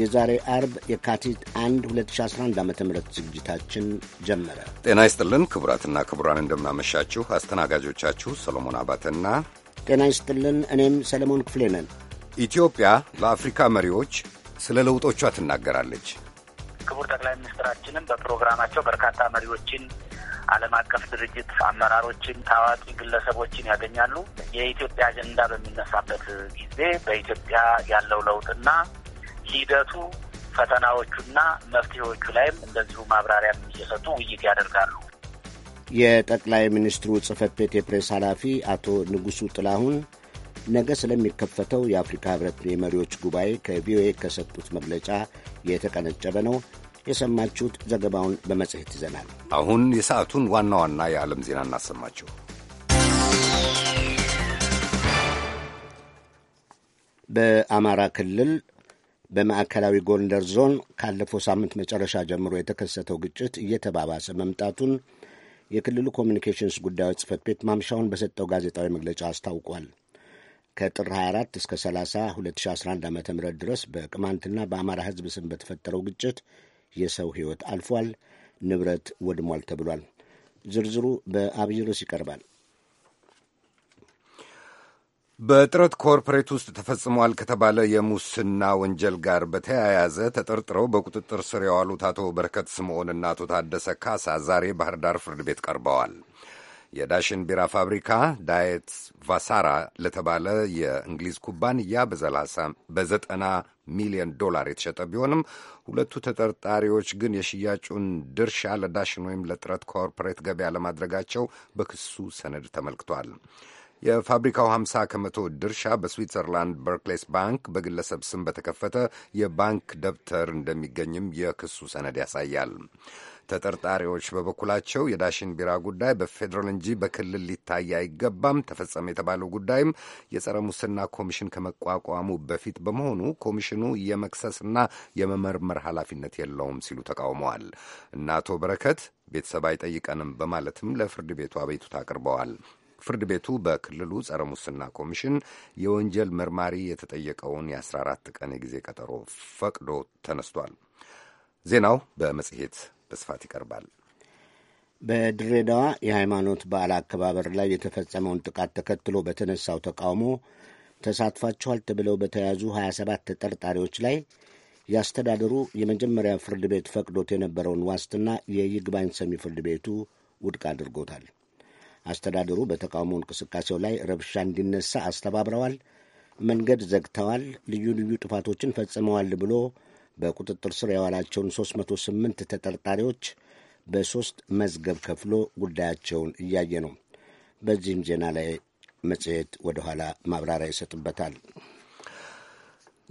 የዛሬ አርብ የካቲት 1 2011 ዓ ም ዝግጅታችን ጀመረ። ጤና ይስጥልን ክቡራትና ክቡራን፣ እንደምናመሻችሁ። አስተናጋጆቻችሁ ሰሎሞን አባተና ጤና ይስጥልን፣ እኔም ሰለሞን ክፍሌ ነን። ኢትዮጵያ ለአፍሪካ መሪዎች ስለ ለውጦቿ ትናገራለች። ክቡር ጠቅላይ ሚኒስትራችንም በፕሮግራማቸው በርካታ መሪዎችን ዓለም አቀፍ ድርጅት አመራሮችን፣ ታዋቂ ግለሰቦችን ያገኛሉ። የኢትዮጵያ አጀንዳ በሚነሳበት ጊዜ በኢትዮጵያ ያለው ለውጥና ሂደቱ ፈተናዎቹና መፍትሄዎቹ ላይም እንደዚሁ ማብራሪያ እየሰጡ ውይይት ያደርጋሉ። የጠቅላይ ሚኒስትሩ ጽህፈት ቤት የፕሬስ ኃላፊ አቶ ንጉሱ ጥላሁን ነገ ስለሚከፈተው የአፍሪካ ህብረት የመሪዎች ጉባኤ ከቪኦኤ ከሰጡት መግለጫ የተቀነጨበ ነው የሰማችሁት። ዘገባውን በመጽሔት ይዘናል። አሁን የሰዓቱን ዋና ዋና የዓለም ዜና እናሰማችሁ። በአማራ ክልል በማዕከላዊ ጎንደር ዞን ካለፈው ሳምንት መጨረሻ ጀምሮ የተከሰተው ግጭት እየተባባሰ መምጣቱን የክልሉ ኮሚኒኬሽንስ ጉዳዮች ጽህፈት ቤት ማምሻውን በሰጠው ጋዜጣዊ መግለጫ አስታውቋል። ከጥር 24 እስከ 30 2011 ዓ ም ድረስ በቅማንትና በአማራ ህዝብ ስም በተፈጠረው ግጭት የሰው ህይወት አልፏል፣ ንብረት ወድሟል ተብሏል። ዝርዝሩ በአብይ ርዕስ ይቀርባል። በጥረት ኮርፖሬት ውስጥ ተፈጽሟል ከተባለ የሙስና ወንጀል ጋር በተያያዘ ተጠርጥረው በቁጥጥር ስር የዋሉት አቶ በረከት ስምዖንና አቶ ታደሰ ካሳ ዛሬ ባህር ዳር ፍርድ ቤት ቀርበዋል። የዳሽን ቢራ ፋብሪካ ዳየት ቫሳራ ለተባለ የእንግሊዝ ኩባንያ በዘጠና ሚሊዮን ዶላር የተሸጠ ቢሆንም ሁለቱ ተጠርጣሪዎች ግን የሽያጩን ድርሻ ለዳሽን ወይም ለጥረት ኮርፖሬት ገበያ ለማድረጋቸው በክሱ ሰነድ ተመልክቷል። የፋብሪካው 50 ከመቶ ድርሻ በስዊትዘርላንድ በርክሌስ ባንክ በግለሰብ ስም በተከፈተ የባንክ ደብተር እንደሚገኝም የክሱ ሰነድ ያሳያል። ተጠርጣሪዎች በበኩላቸው የዳሽን ቢራ ጉዳይ በፌዴራል እንጂ በክልል ሊታይ አይገባም፣ ተፈጸመ የተባለው ጉዳይም የጸረ ሙስና ኮሚሽን ከመቋቋሙ በፊት በመሆኑ ኮሚሽኑ የመክሰስና የመመርመር ኃላፊነት የለውም ሲሉ ተቃውመዋል እናቶ አቶ በረከት ቤተሰብ አይጠይቀንም በማለትም ለፍርድ ቤቱ አቤቱታ አቅርበዋል። ፍርድ ቤቱ በክልሉ ጸረ ሙስና ኮሚሽን የወንጀል መርማሪ የተጠየቀውን የ14 ቀን የጊዜ ቀጠሮ ፈቅዶ ተነስቷል። ዜናው በመጽሔት በስፋት ይቀርባል። በድሬዳዋ የሃይማኖት በዓል አከባበር ላይ የተፈጸመውን ጥቃት ተከትሎ በተነሳው ተቃውሞ ተሳትፏቸዋል ተብለው በተያዙ 27 ተጠርጣሪዎች ላይ ያስተዳደሩ የመጀመሪያ ፍርድ ቤት ፈቅዶት የነበረውን ዋስትና የይግባኝ ሰሚ ፍርድ ቤቱ ውድቅ አድርጎታል። አስተዳደሩ በተቃውሞ እንቅስቃሴው ላይ ረብሻ እንዲነሳ አስተባብረዋል፣ መንገድ ዘግተዋል፣ ልዩ ልዩ ጥፋቶችን ፈጽመዋል ብሎ በቁጥጥር ስር የዋላቸውን 308 ተጠርጣሪዎች በሦስት መዝገብ ከፍሎ ጉዳያቸውን እያየ ነው። በዚህም ዜና ላይ መጽሔት ወደ ኋላ ማብራሪያ ይሰጥበታል።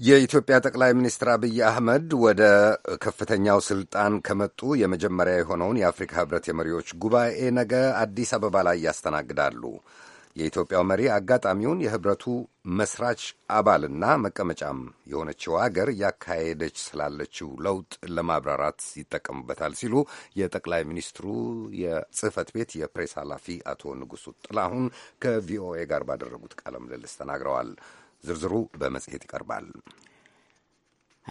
የኢትዮጵያ ጠቅላይ ሚኒስትር አብይ አህመድ ወደ ከፍተኛው ስልጣን ከመጡ የመጀመሪያ የሆነውን የአፍሪካ ህብረት የመሪዎች ጉባኤ ነገ አዲስ አበባ ላይ ያስተናግዳሉ። የኢትዮጵያው መሪ አጋጣሚውን የህብረቱ መስራች አባልና መቀመጫም የሆነችው አገር እያካሄደች ስላለችው ለውጥ ለማብራራት ይጠቀሙበታል ሲሉ የጠቅላይ ሚኒስትሩ የጽህፈት ቤት የፕሬስ ኃላፊ አቶ ንጉሱ ጥላሁን ከቪኦኤ ጋር ባደረጉት ቃለ ምልልስ ተናግረዋል። ዝርዝሩ በመጽሔት ይቀርባል።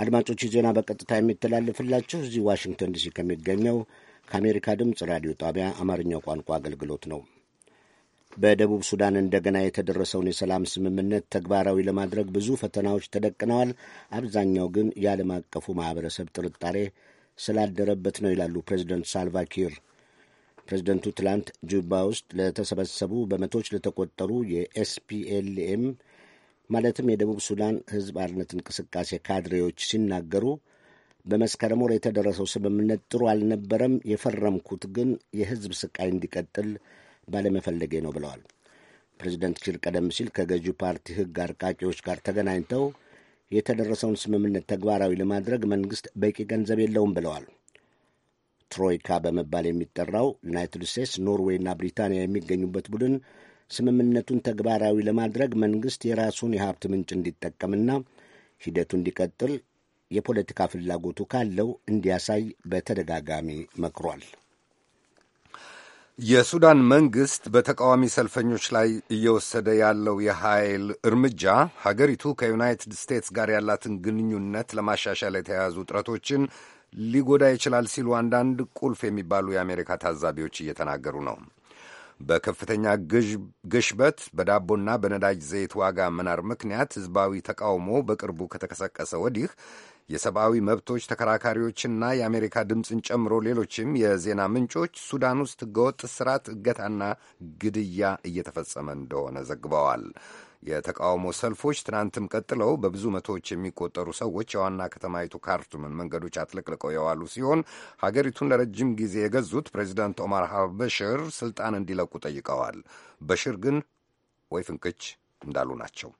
አድማጮች ዜና በቀጥታ የሚተላለፍላችሁ እዚህ ዋሽንግተን ዲሲ ከሚገኘው ከአሜሪካ ድምፅ ራዲዮ ጣቢያ አማርኛው ቋንቋ አገልግሎት ነው። በደቡብ ሱዳን እንደገና የተደረሰውን የሰላም ስምምነት ተግባራዊ ለማድረግ ብዙ ፈተናዎች ተደቅነዋል። አብዛኛው ግን የዓለም አቀፉ ማህበረሰብ ጥርጣሬ ስላደረበት ነው ይላሉ ፕሬዚደንት ሳልቫኪር። ፕሬዚደንቱ ትላንት ጁባ ውስጥ ለተሰበሰቡ በመቶች ለተቆጠሩ የኤስፒኤልኤም ማለትም የደቡብ ሱዳን ሕዝብ አርነት እንቅስቃሴ ካድሬዎች ሲናገሩ በመስከረም ወር የተደረሰው ስምምነት ጥሩ አልነበረም፣ የፈረምኩት ግን የሕዝብ ስቃይ እንዲቀጥል ባለመፈለጌ ነው ብለዋል። ፕሬዚደንት ኪር ቀደም ሲል ከገዢው ፓርቲ ሕግ አርቃቂዎች ጋር ተገናኝተው የተደረሰውን ስምምነት ተግባራዊ ለማድረግ መንግሥት በቂ ገንዘብ የለውም ብለዋል። ትሮይካ በመባል የሚጠራው ዩናይትድ ስቴትስ፣ ኖርዌይና ብሪታንያ የሚገኙበት ቡድን ስምምነቱን ተግባራዊ ለማድረግ መንግሥት የራሱን የሀብት ምንጭ እንዲጠቀምና ሂደቱ እንዲቀጥል የፖለቲካ ፍላጎቱ ካለው እንዲያሳይ በተደጋጋሚ መክሯል። የሱዳን መንግሥት በተቃዋሚ ሰልፈኞች ላይ እየወሰደ ያለው የኃይል እርምጃ ሀገሪቱ ከዩናይትድ ስቴትስ ጋር ያላትን ግንኙነት ለማሻሻል የተያያዙ ጥረቶችን ሊጎዳ ይችላል ሲሉ አንዳንድ ቁልፍ የሚባሉ የአሜሪካ ታዛቢዎች እየተናገሩ ነው። በከፍተኛ ግሽበት በዳቦና በነዳጅ ዘይት ዋጋ መናር ምክንያት ሕዝባዊ ተቃውሞ በቅርቡ ከተቀሰቀሰ ወዲህ የሰብአዊ መብቶች ተከራካሪዎችና የአሜሪካ ድምፅን ጨምሮ ሌሎችም የዜና ምንጮች ሱዳን ውስጥ ሕገወጥ ስርዓት እገታና ግድያ እየተፈጸመ እንደሆነ ዘግበዋል። የተቃውሞ ሰልፎች ትናንትም ቀጥለው በብዙ መቶዎች የሚቆጠሩ ሰዎች የዋና ከተማይቱ ካርቱምን መንገዶች አጥለቅልቀው የዋሉ ሲሆን ሀገሪቱን ለረጅም ጊዜ የገዙት ፕሬዚዳንት ኦማር አልበሽር ስልጣን እንዲለቁ ጠይቀዋል። በሽር ግን ወይ ፍንክች እንዳሉ ናቸው።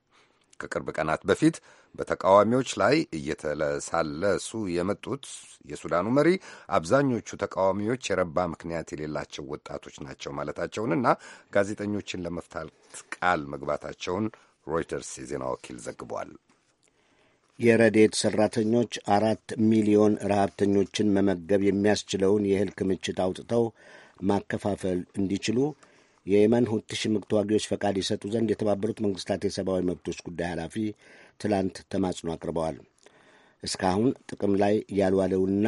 ከቅርብ ቀናት በፊት በተቃዋሚዎች ላይ እየተለሳለሱ የመጡት የሱዳኑ መሪ አብዛኞቹ ተቃዋሚዎች የረባ ምክንያት የሌላቸው ወጣቶች ናቸው ማለታቸውንና ጋዜጠኞችን ለመፍታት ቃል መግባታቸውን ሮይተርስ የዜና ወኪል ዘግቧል። የረዴት ሠራተኞች አራት ሚሊዮን ረሃብተኞችን መመገብ የሚያስችለውን የእህል ክምችት አውጥተው ማከፋፈል እንዲችሉ የየመን ሁቲ ሽምቅ ተዋጊዎች ፈቃድ ይሰጡ ዘንድ የተባበሩት መንግስታት የሰብአዊ መብቶች ጉዳይ ኃላፊ ትላንት ተማጽኖ አቅርበዋል። እስካሁን ጥቅም ላይ ያልዋለውና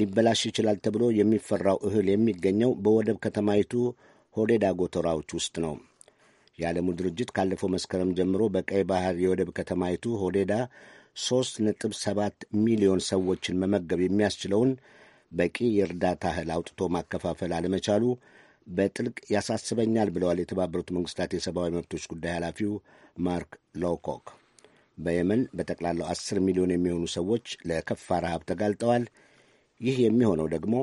ሊበላሽ ይችላል ተብሎ የሚፈራው እህል የሚገኘው በወደብ ከተማይቱ ሆዴዳ ጎተራዎች ውስጥ ነው። የዓለሙ ድርጅት ካለፈው መስከረም ጀምሮ በቀይ ባህር የወደብ ከተማይቱ ሆዴዳ 3.7 ሚሊዮን ሰዎችን መመገብ የሚያስችለውን በቂ የእርዳታ እህል አውጥቶ ማከፋፈል አለመቻሉ በጥልቅ ያሳስበኛል ብለዋል የተባበሩት መንግስታት የሰብአዊ መብቶች ጉዳይ ኃላፊው ማርክ ሎኮክ። በየመን በጠቅላላው አስር ሚሊዮን የሚሆኑ ሰዎች ለከፋ ረሃብ ተጋልጠዋል። ይህ የሚሆነው ደግሞ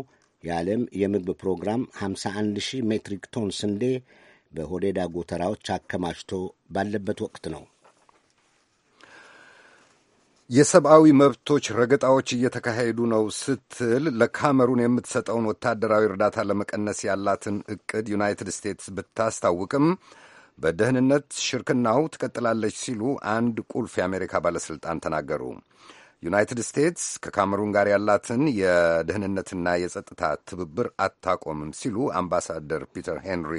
የዓለም የምግብ ፕሮግራም 51 ሺህ ሜትሪክ ቶን ስንዴ በሆዴዳ ጎተራዎች አከማችቶ ባለበት ወቅት ነው። የሰብአዊ መብቶች ረገጣዎች እየተካሄዱ ነው ስትል ለካሜሩን የምትሰጠውን ወታደራዊ እርዳታ ለመቀነስ ያላትን እቅድ ዩናይትድ ስቴትስ ብታስታውቅም በደህንነት ሽርክናው ትቀጥላለች ሲሉ አንድ ቁልፍ የአሜሪካ ባለሥልጣን ተናገሩ። ዩናይትድ ስቴትስ ከካሜሩን ጋር ያላትን የደህንነትና የጸጥታ ትብብር አታቆምም ሲሉ አምባሳደር ፒተር ሄንሪ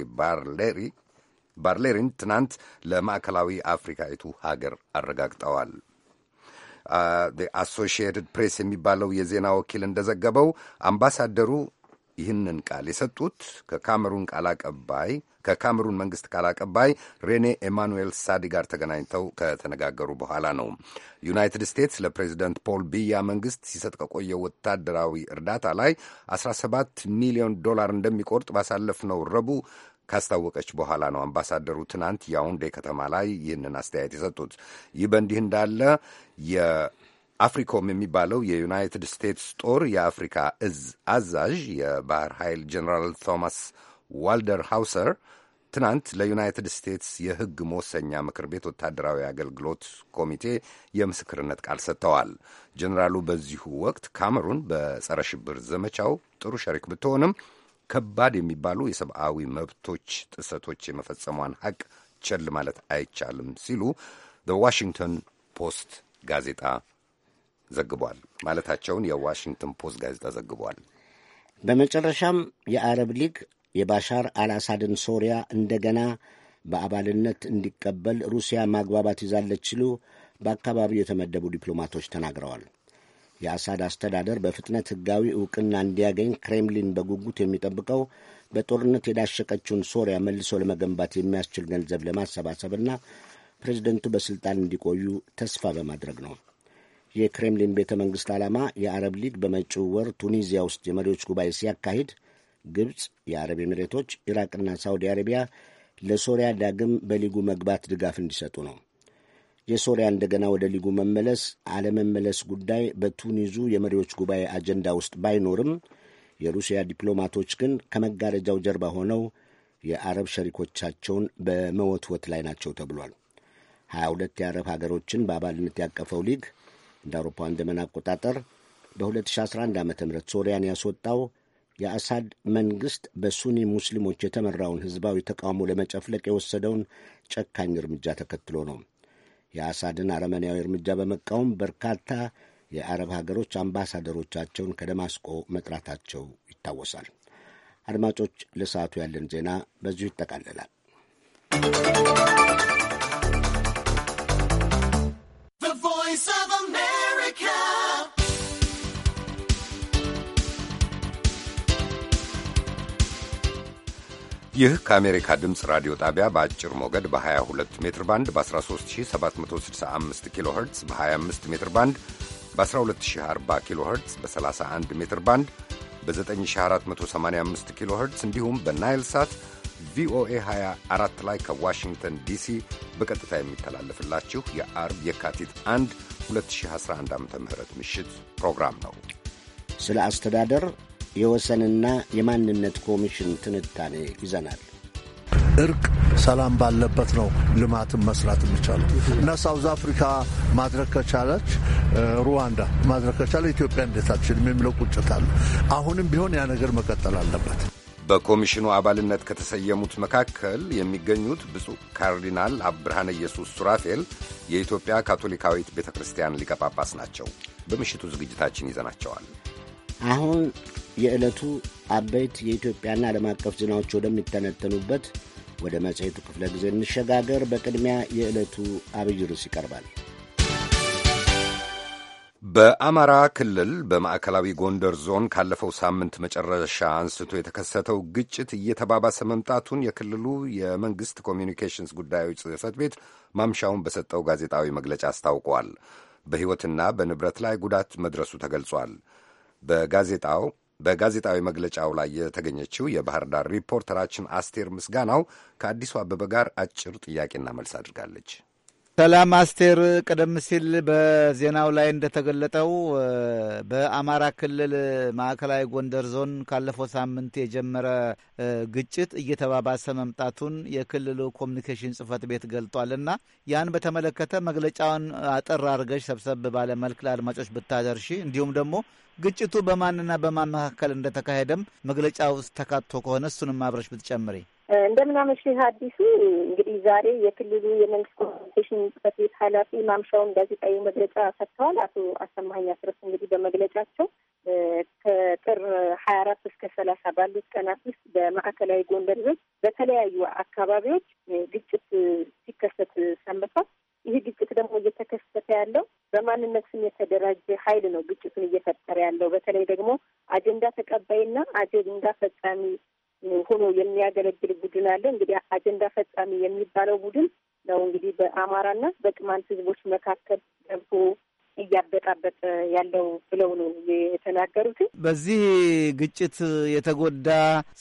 ባርሌሪን ትናንት ለማዕከላዊ አፍሪካዊቱ ሀገር አረጋግጠዋል። አሶሺየትድ ፕሬስ የሚባለው የዜና ወኪል እንደዘገበው አምባሳደሩ ይህንን ቃል የሰጡት ከካሜሩን ቃል አቀባይ ከካሜሩን መንግስት ቃል አቀባይ ሬኔ ኤማኑኤል ሳዲ ጋር ተገናኝተው ከተነጋገሩ በኋላ ነው። ዩናይትድ ስቴትስ ለፕሬዚደንት ፖል ቢያ መንግስት ሲሰጥ ከቆየው ወታደራዊ እርዳታ ላይ 17 ሚሊዮን ዶላር እንደሚቆርጥ ባሳለፍነው ረቡዕ ካስታወቀች በኋላ ነው አምባሳደሩ ትናንት ያውንዴ ከተማ ላይ ይህንን አስተያየት የሰጡት። ይህ በእንዲህ እንዳለ አፍሪኮም የሚባለው የዩናይትድ ስቴትስ ጦር የአፍሪካ እዝ አዛዥ የባህር ኃይል ጀኔራል ቶማስ ዋልደር ሃውሰር ትናንት ለዩናይትድ ስቴትስ የሕግ መወሰኛ ምክር ቤት ወታደራዊ አገልግሎት ኮሚቴ የምስክርነት ቃል ሰጥተዋል። ጀኔራሉ በዚሁ ወቅት ካሜሩን በጸረ ሽብር ዘመቻው ጥሩ ሸሪክ ብትሆንም ከባድ የሚባሉ የሰብአዊ መብቶች ጥሰቶች የመፈጸሟን ሐቅ ቸል ማለት አይቻልም ሲሉ በዋሽንግተን ፖስት ጋዜጣ ዘግቧል ማለታቸውን የዋሽንግተን ፖስት ጋዜጣ ዘግቧል። በመጨረሻም የአረብ ሊግ የባሻር አልአሳድን ሶሪያ እንደገና በአባልነት እንዲቀበል ሩሲያ ማግባባት ይዛለች ሲሉ በአካባቢው የተመደቡ ዲፕሎማቶች ተናግረዋል። የአሳድ አስተዳደር በፍጥነት ሕጋዊ እውቅና እንዲያገኝ ክሬምሊን በጉጉት የሚጠብቀው በጦርነት የዳሸቀችውን ሶሪያ መልሶ ለመገንባት የሚያስችል ገንዘብ ለማሰባሰብና ፕሬዚደንቱ በሥልጣን እንዲቆዩ ተስፋ በማድረግ ነው። የክሬምሊን ቤተ መንግሥት ዓላማ የአረብ ሊግ በመጪው ወር ቱኒዚያ ውስጥ የመሪዎች ጉባኤ ሲያካሂድ ግብፅ፣ የአረብ ኤሚሬቶች፣ ኢራቅና ሳውዲ አረቢያ ለሶሪያ ዳግም በሊጉ መግባት ድጋፍ እንዲሰጡ ነው። የሶሪያ እንደገና ወደ ሊጉ መመለስ አለመመለስ ጉዳይ በቱኒዙ የመሪዎች ጉባኤ አጀንዳ ውስጥ ባይኖርም የሩሲያ ዲፕሎማቶች ግን ከመጋረጃው ጀርባ ሆነው የአረብ ሸሪኮቻቸውን በመወትወት ላይ ናቸው ተብሏል። 22 የአረብ ሀገሮችን በአባልነት ያቀፈው ሊግ እንደ አውሮፓውያን ዘመን አቆጣጠር በ2011 ዓ ም ሶሪያን ያስወጣው የአሳድ መንግሥት በሱኒ ሙስሊሞች የተመራውን ሕዝባዊ ተቃውሞ ለመጨፍለቅ የወሰደውን ጨካኝ እርምጃ ተከትሎ ነው። የአሳድን አረመኔያዊ እርምጃ በመቃወም በርካታ የአረብ ሀገሮች አምባሳደሮቻቸውን ከደማስቆ መጥራታቸው ይታወሳል። አድማጮች፣ ለሰዓቱ ያለን ዜና በዚሁ ይጠቃለላል። ይህ ከአሜሪካ ድምፅ ራዲዮ ጣቢያ በአጭር ሞገድ በ22 ሜትር ባንድ በ13765 ኪሎ ኸርትዝ በ25 ሜትር ባንድ በ1240 ኪሎ ኸርትዝ በ31 ሜትር ባንድ በ9485 ኪሎ ኸርትዝ እንዲሁም በናይል ሳት ቪኦኤ 24 ላይ ከዋሽንግተን ዲሲ በቀጥታ የሚተላለፍላችሁ የአርብ የካቲት 1 2011 ዓ ም ምሽት ፕሮግራም ነው። ስለ አስተዳደር የወሰንና የማንነት ኮሚሽን ትንታኔ ይዘናል። እርቅ ሰላም ባለበት ነው ልማትን መስራት የሚቻለው እና ሳውዝ አፍሪካ ማድረግ ከቻለች ሩዋንዳ ማድረግ ከቻለ ኢትዮጵያ እንዴት አትችልም የሚለው ቁጭት አለ። አሁንም ቢሆን ያ ነገር መቀጠል አለበት። በኮሚሽኑ አባልነት ከተሰየሙት መካከል የሚገኙት ብፁዕ ካርዲናል አብርሃነ ኢየሱስ ሱራፌል የኢትዮጵያ ካቶሊካዊት ቤተ ክርስቲያን ሊቀ ጳጳስ ናቸው። በምሽቱ ዝግጅታችን ይዘናቸዋል። አሁን የዕለቱ አበይት የኢትዮጵያና ዓለም አቀፍ ዜናዎች ወደሚተነተኑበት ወደ መጽሔቱ ክፍለ ጊዜ እንሸጋገር። በቅድሚያ የዕለቱ አብይ ርዕስ ይቀርባል። በአማራ ክልል በማዕከላዊ ጎንደር ዞን ካለፈው ሳምንት መጨረሻ አንስቶ የተከሰተው ግጭት እየተባባሰ መምጣቱን የክልሉ የመንግሥት ኮሚኒኬሽንስ ጉዳዮች ጽሕፈት ቤት ማምሻውን በሰጠው ጋዜጣዊ መግለጫ አስታውቋል። በሕይወትና በንብረት ላይ ጉዳት መድረሱ ተገልጿል። በጋዜጣው በጋዜጣዊ መግለጫው ላይ የተገኘችው የባህር ዳር ሪፖርተራችን አስቴር ምስጋናው ከአዲሱ አበበ ጋር አጭር ጥያቄና መልስ አድርጋለች። ሰላም አስቴር፣ ቀደም ሲል በዜናው ላይ እንደተገለጠው በአማራ ክልል ማዕከላዊ ጎንደር ዞን ካለፈው ሳምንት የጀመረ ግጭት እየተባባሰ መምጣቱን የክልሉ ኮሚኒኬሽን ጽህፈት ቤት ገልጧልና ያን በተመለከተ መግለጫውን አጠር አድርገሽ ሰብሰብ ባለ መልክ ለአድማጮች ብታደርሺ እንዲሁም ደግሞ ግጭቱ በማንና በማን መካከል እንደተካሄደም መግለጫ ውስጥ ተካቶ ከሆነ እሱንም አብረሽ ብትጨምሪ። እንደምናመሽህ አዲሱ። እንግዲህ ዛሬ የክልሉ የመንግስት ኮሚኒኬሽን ጽሕፈት ቤት ኃላፊ ማምሻውን ጋዜጣዊ መግለጫ ሰጥተዋል። አቶ አሰማኸኝ አስረስ እንግዲህ በመግለጫቸው ከጥር ሀያ አራት እስከ ሰላሳ ባሉት ቀናት ውስጥ በማዕከላዊ ጎንደር ዞን በተለያዩ አካባቢዎች ግጭት ሲከሰት ሰንብቷል። ይህ ግጭት ደግሞ እየተከሰተ ያለው በማንነት ስም የተደራጀ ኃይል ነው ግጭቱን እየፈጠረ ያለው። በተለይ ደግሞ አጀንዳ ተቀባይና አጀንዳ ፈጻሚ ሆኖ የሚያገለግል ቡድን አለ። እንግዲህ አጀንዳ ፈጻሚ የሚባለው ቡድን ነው እንግዲህ በአማራና በቅማንት ህዝቦች መካከል ገብቶ እያበጣበጠ ያለው ብለው ነው የተናገሩት። በዚህ ግጭት የተጎዳ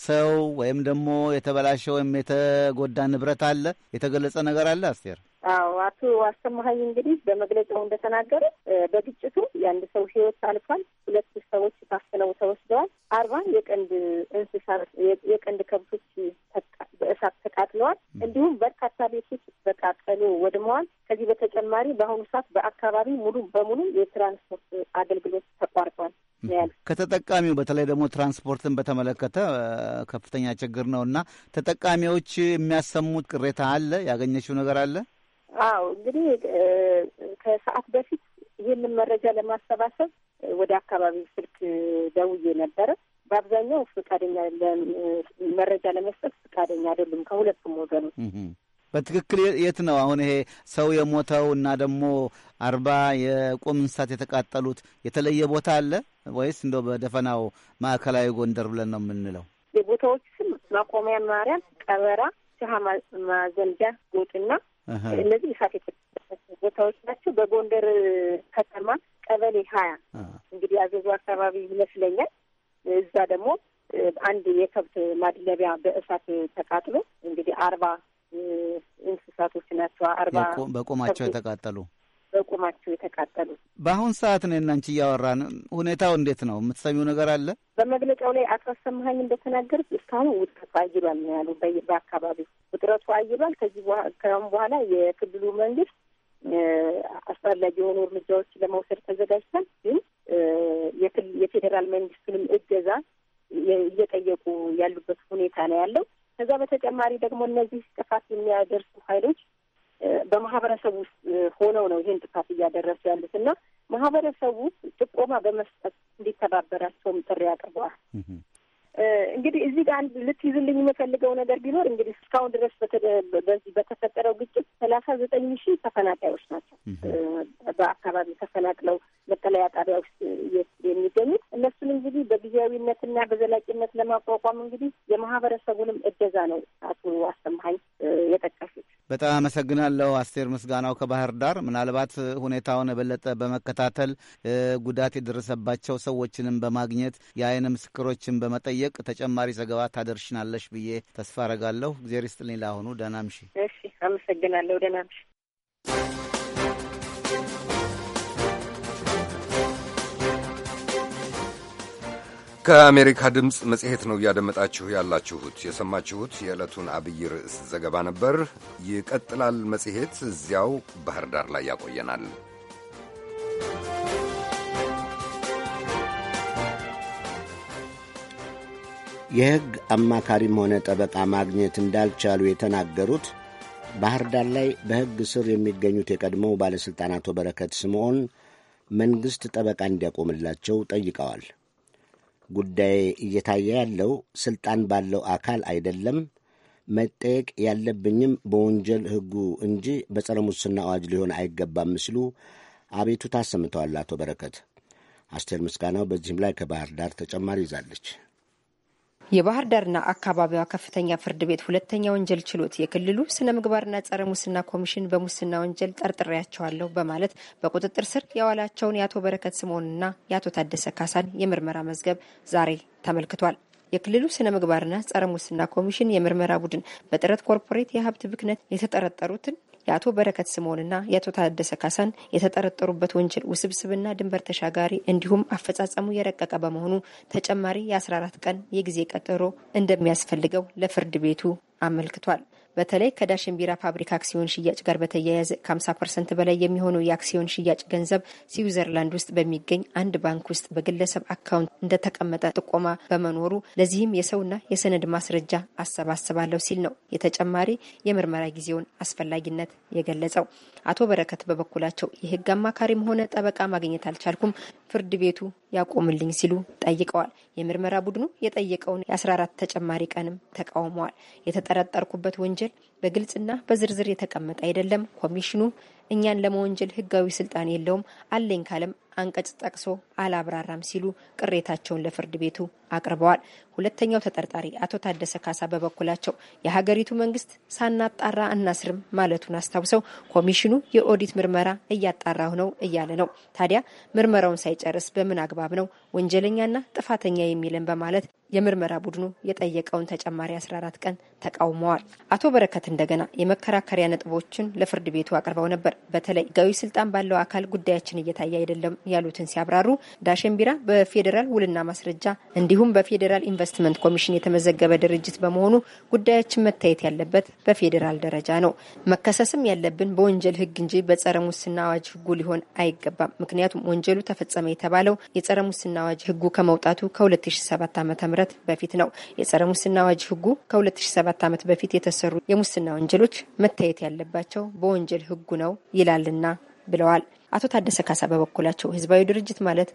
ሰው ወይም ደግሞ የተበላሸ ወይም የተጎዳ ንብረት አለ፣ የተገለጸ ነገር አለ አስቴር? አዎ አቶ አሰማሀኝ እንግዲህ በመግለጫው እንደተናገሩ በግጭቱ የአንድ ሰው ህይወት አልፏል። ሁለት ሰዎች ታፍነው ተወስደዋል። አርባ የቀንድ እንስሳ የቀንድ ከብቶች በሳት ተቃጥለዋል። እንዲሁም በርካታ ቤቶች በቃጠሎ ወድመዋል። ከዚህ በተጨማሪ በአሁኑ ሰዓት በአካባቢ ሙሉ በሙሉ የትራንስፖርት አገልግሎት ተቋርጧል ከተጠቃሚው በተለይ ደግሞ ትራንስፖርትን በተመለከተ ከፍተኛ ችግር ነው እና ተጠቃሚዎች የሚያሰሙት ቅሬታ አለ? ያገኘችው ነገር አለ? አዎ እንግዲህ ከሰዓት በፊት ይህንን መረጃ ለማሰባሰብ ወደ አካባቢው ስልክ ደውዬ ነበረ። በአብዛኛው ፈቃደኛ መረጃ ለመስጠት ፈቃደኛ አይደሉም ከሁለቱም ወገኖች። በትክክል የት ነው አሁን ይሄ ሰው የሞተው እና ደግሞ አርባ የቁም እንስሳት የተቃጠሉት የተለየ ቦታ አለ ወይስ እንደው በደፈናው ማዕከላዊ ጎንደር ብለን ነው የምንለው? የቦታዎች ስም ማቆሚያ ማርያም፣ ቀበራ፣ ሽሃ ማዘንጃ፣ ጎጥና እነዚህ እሳት የተጠቀሱ ቦታዎች ናቸው። በጎንደር ከተማ ቀበሌ ሀያ እንግዲህ አዘዙ አካባቢ ይመስለኛል እዛ ደግሞ አንድ የከብት ማድለቢያ በእሳት ተቃጥሎ እንግዲህ አርባ እንስሳቶች ናቸው። አርባ በቁማቸው የተቃጠሉ በቁማቸው የተቃጠሉ በአሁን ሰዓት ነው። እናንቺ እያወራን ሁኔታው እንዴት ነው? የምትሰሚው ነገር አለ? በመግለጫው ላይ አቶ እንደተናገር እስካሁን ውጥረቱ አይሏል ነው ያሉ። በአካባቢው ውጥረቱ አይሏል። ከዚህ ከም በኋላ የክልሉ መንግስት አስፈላጊ የሆኑ እርምጃዎች ለመውሰድ ተዘጋጅተን ግን የፌዴራል መንግስትንም እገዛ እየጠየቁ ያሉበት ሁኔታ ነው ያለው። ከዛ በተጨማሪ ደግሞ እነዚህ ጥፋት የሚያደርሱ ኃይሎች በማህበረሰቡ ውስጥ ሆነው ነው ይህን ጥፋት እያደረሱ ያሉት እና ማህበረሰቡ ጥቆማ በመስጠት እንዲተባበራቸውም ጥሪ አቅርበዋል። እንግዲህ እዚህ ጋር አንድ ልትይዝልኝ የምፈልገው ነገር ቢኖር እንግዲህ እስካሁን ድረስ በዚህ በተፈጠረው ግጭት ሰላሳ ዘጠኝ ሺህ ተፈናቃዮች ናቸው በአካባቢ ተፈናቅለው መጠለያ ጣቢያ ውስጥ የሚገኙት። እነሱን እንግዲህ በጊዜያዊነትና በዘላቂነት ለማቋቋም እንግዲህ የማህበረሰቡንም እገዛ ነው አቶ አሰማሀኝ በጣም አመሰግናለሁ አስቴር ምስጋናው ከባህር ዳር። ምናልባት ሁኔታውን የበለጠ በመከታተል ጉዳት የደረሰባቸው ሰዎችንም በማግኘት የአይን ምስክሮችን በመጠየቅ ተጨማሪ ዘገባ ታደርሽናለሽ ብዬ ተስፋ አረጋለሁ። እግዜር ይስጥልኝ። ለአሁኑ ደህና ምሽ። እሺ፣ አመሰግናለሁ። ደህና ምሽ። ከአሜሪካ ድምፅ መጽሔት ነው እያደመጣችሁ ያላችሁት። የሰማችሁት የዕለቱን አብይ ርዕስ ዘገባ ነበር። ይቀጥላል መጽሔት እዚያው ባህር ዳር ላይ ያቆየናል። የሕግ አማካሪም ሆነ ጠበቃ ማግኘት እንዳልቻሉ የተናገሩት ባህር ዳር ላይ በሕግ ስር የሚገኙት የቀድሞው ባለሥልጣን አቶ በረከት ስምዖን መንግሥት ጠበቃ እንዲያቆምላቸው ጠይቀዋል። ጉዳዬ እየታየ ያለው ስልጣን ባለው አካል አይደለም። መጠየቅ ያለብኝም በወንጀል ሕጉ እንጂ በጸረ ሙስና አዋጅ ሊሆን አይገባም ሲሉ አቤቱታ አሰምተዋል አቶ በረከት። አስቴር ምስጋናው በዚህም ላይ ከባህር ዳር ተጨማሪ ይዛለች። የባህር ዳርና አካባቢዋ ከፍተኛ ፍርድ ቤት ሁለተኛ ወንጀል ችሎት የክልሉ ስነ ምግባርና ጸረ ሙስና ኮሚሽን በሙስና ወንጀል ጠርጥሬያቸዋለሁ በማለት በቁጥጥር ስር የዋላቸውን የአቶ በረከት ስምኦንና የአቶ ታደሰ ካሳን የምርመራ መዝገብ ዛሬ ተመልክቷል። የክልሉ ስነ ምግባርና ጸረ ሙስና ኮሚሽን የምርመራ ቡድን በጥረት ኮርፖሬት የሀብት ብክነት የተጠረጠሩትን የአቶ በረከት ስምኦንና የአቶ ታደሰ ካሳን የተጠረጠሩበት ወንጀል ውስብስብና ድንበር ተሻጋሪ እንዲሁም አፈጻጸሙ የረቀቀ በመሆኑ ተጨማሪ የ14 ቀን የጊዜ ቀጠሮ እንደሚያስፈልገው ለፍርድ ቤቱ አመልክቷል። በተለይ ከዳሽን ቢራ ፋብሪካ አክሲዮን ሽያጭ ጋር በተያያዘ ከ50 ፐርሰንት በላይ የሚሆነው የአክሲዮን ሽያጭ ገንዘብ ስዊዘርላንድ ውስጥ በሚገኝ አንድ ባንክ ውስጥ በግለሰብ አካውንት እንደተቀመጠ ጥቆማ በመኖሩ ለዚህም የሰውና የሰነድ ማስረጃ አሰባስባለሁ ሲል ነው የተጨማሪ የምርመራ ጊዜውን አስፈላጊነት የገለጸው። አቶ በረከት በበኩላቸው የህግ አማካሪም ሆነ ጠበቃ ማግኘት አልቻልኩም፣ ፍርድ ቤቱ ያቆምልኝ ሲሉ ጠይቀዋል። የምርመራ ቡድኑ የጠየቀውን የ14 ተጨማሪ ቀንም ተቃውመዋል። የተጠረጠርኩበት ወንጀል በግልጽና በዝርዝር የተቀመጠ አይደለም። ኮሚሽኑ እኛን ለመወንጀል ህጋዊ ስልጣን የለውም አለኝ ካለም አንቀጽ ጠቅሶ አላብራራም ሲሉ ቅሬታቸውን ለፍርድ ቤቱ አቅርበዋል። ሁለተኛው ተጠርጣሪ አቶ ታደሰ ካሳ በበኩላቸው የሀገሪቱ መንግስት ሳናጣራ አናስርም ማለቱን አስታውሰው ኮሚሽኑ የኦዲት ምርመራ እያጣራሁ ነው እያለ ነው። ታዲያ ምርመራውን ሳይጨርስ በምን አግባብ ነው ወንጀለኛና ጥፋተኛ የሚለን በማለት የምርመራ ቡድኑ የጠየቀውን ተጨማሪ 14 ቀን ተቃውመዋል። አቶ በረከት እንደገና የመከራከሪያ ነጥቦችን ለፍርድ ቤቱ አቅርበው ነበር። በተለይ ህጋዊ ስልጣን ባለው አካል ጉዳያችን እየታየ አይደለም ያሉትን ሲያብራሩ ዳሽን ቢራ በፌዴራል ውልና ማስረጃ እንዲሁም በፌዴራል ኢንቨስትመንት ኮሚሽን የተመዘገበ ድርጅት በመሆኑ ጉዳያችን መታየት ያለበት በፌዴራል ደረጃ ነው። መከሰስም ያለብን በወንጀል ህግ እንጂ በጸረ ሙስና አዋጅ ህጉ ሊሆን አይገባም። ምክንያቱም ወንጀሉ ተፈጸመ የተባለው የጸረ ሙስና አዋጅ ህጉ ከመውጣቱ ከ2007 ዓ ም በፊት ነው። የጸረ ሙስና አዋጅ ህጉ ከ2007 ዓመት በፊት የተሰሩ የሙስና ወንጀሎች መታየት ያለባቸው በወንጀል ህጉ ነው ይላልና ብለዋል። አቶ ታደሰ ካሳ በበኩላቸው ህዝባዊ ድርጅት ማለት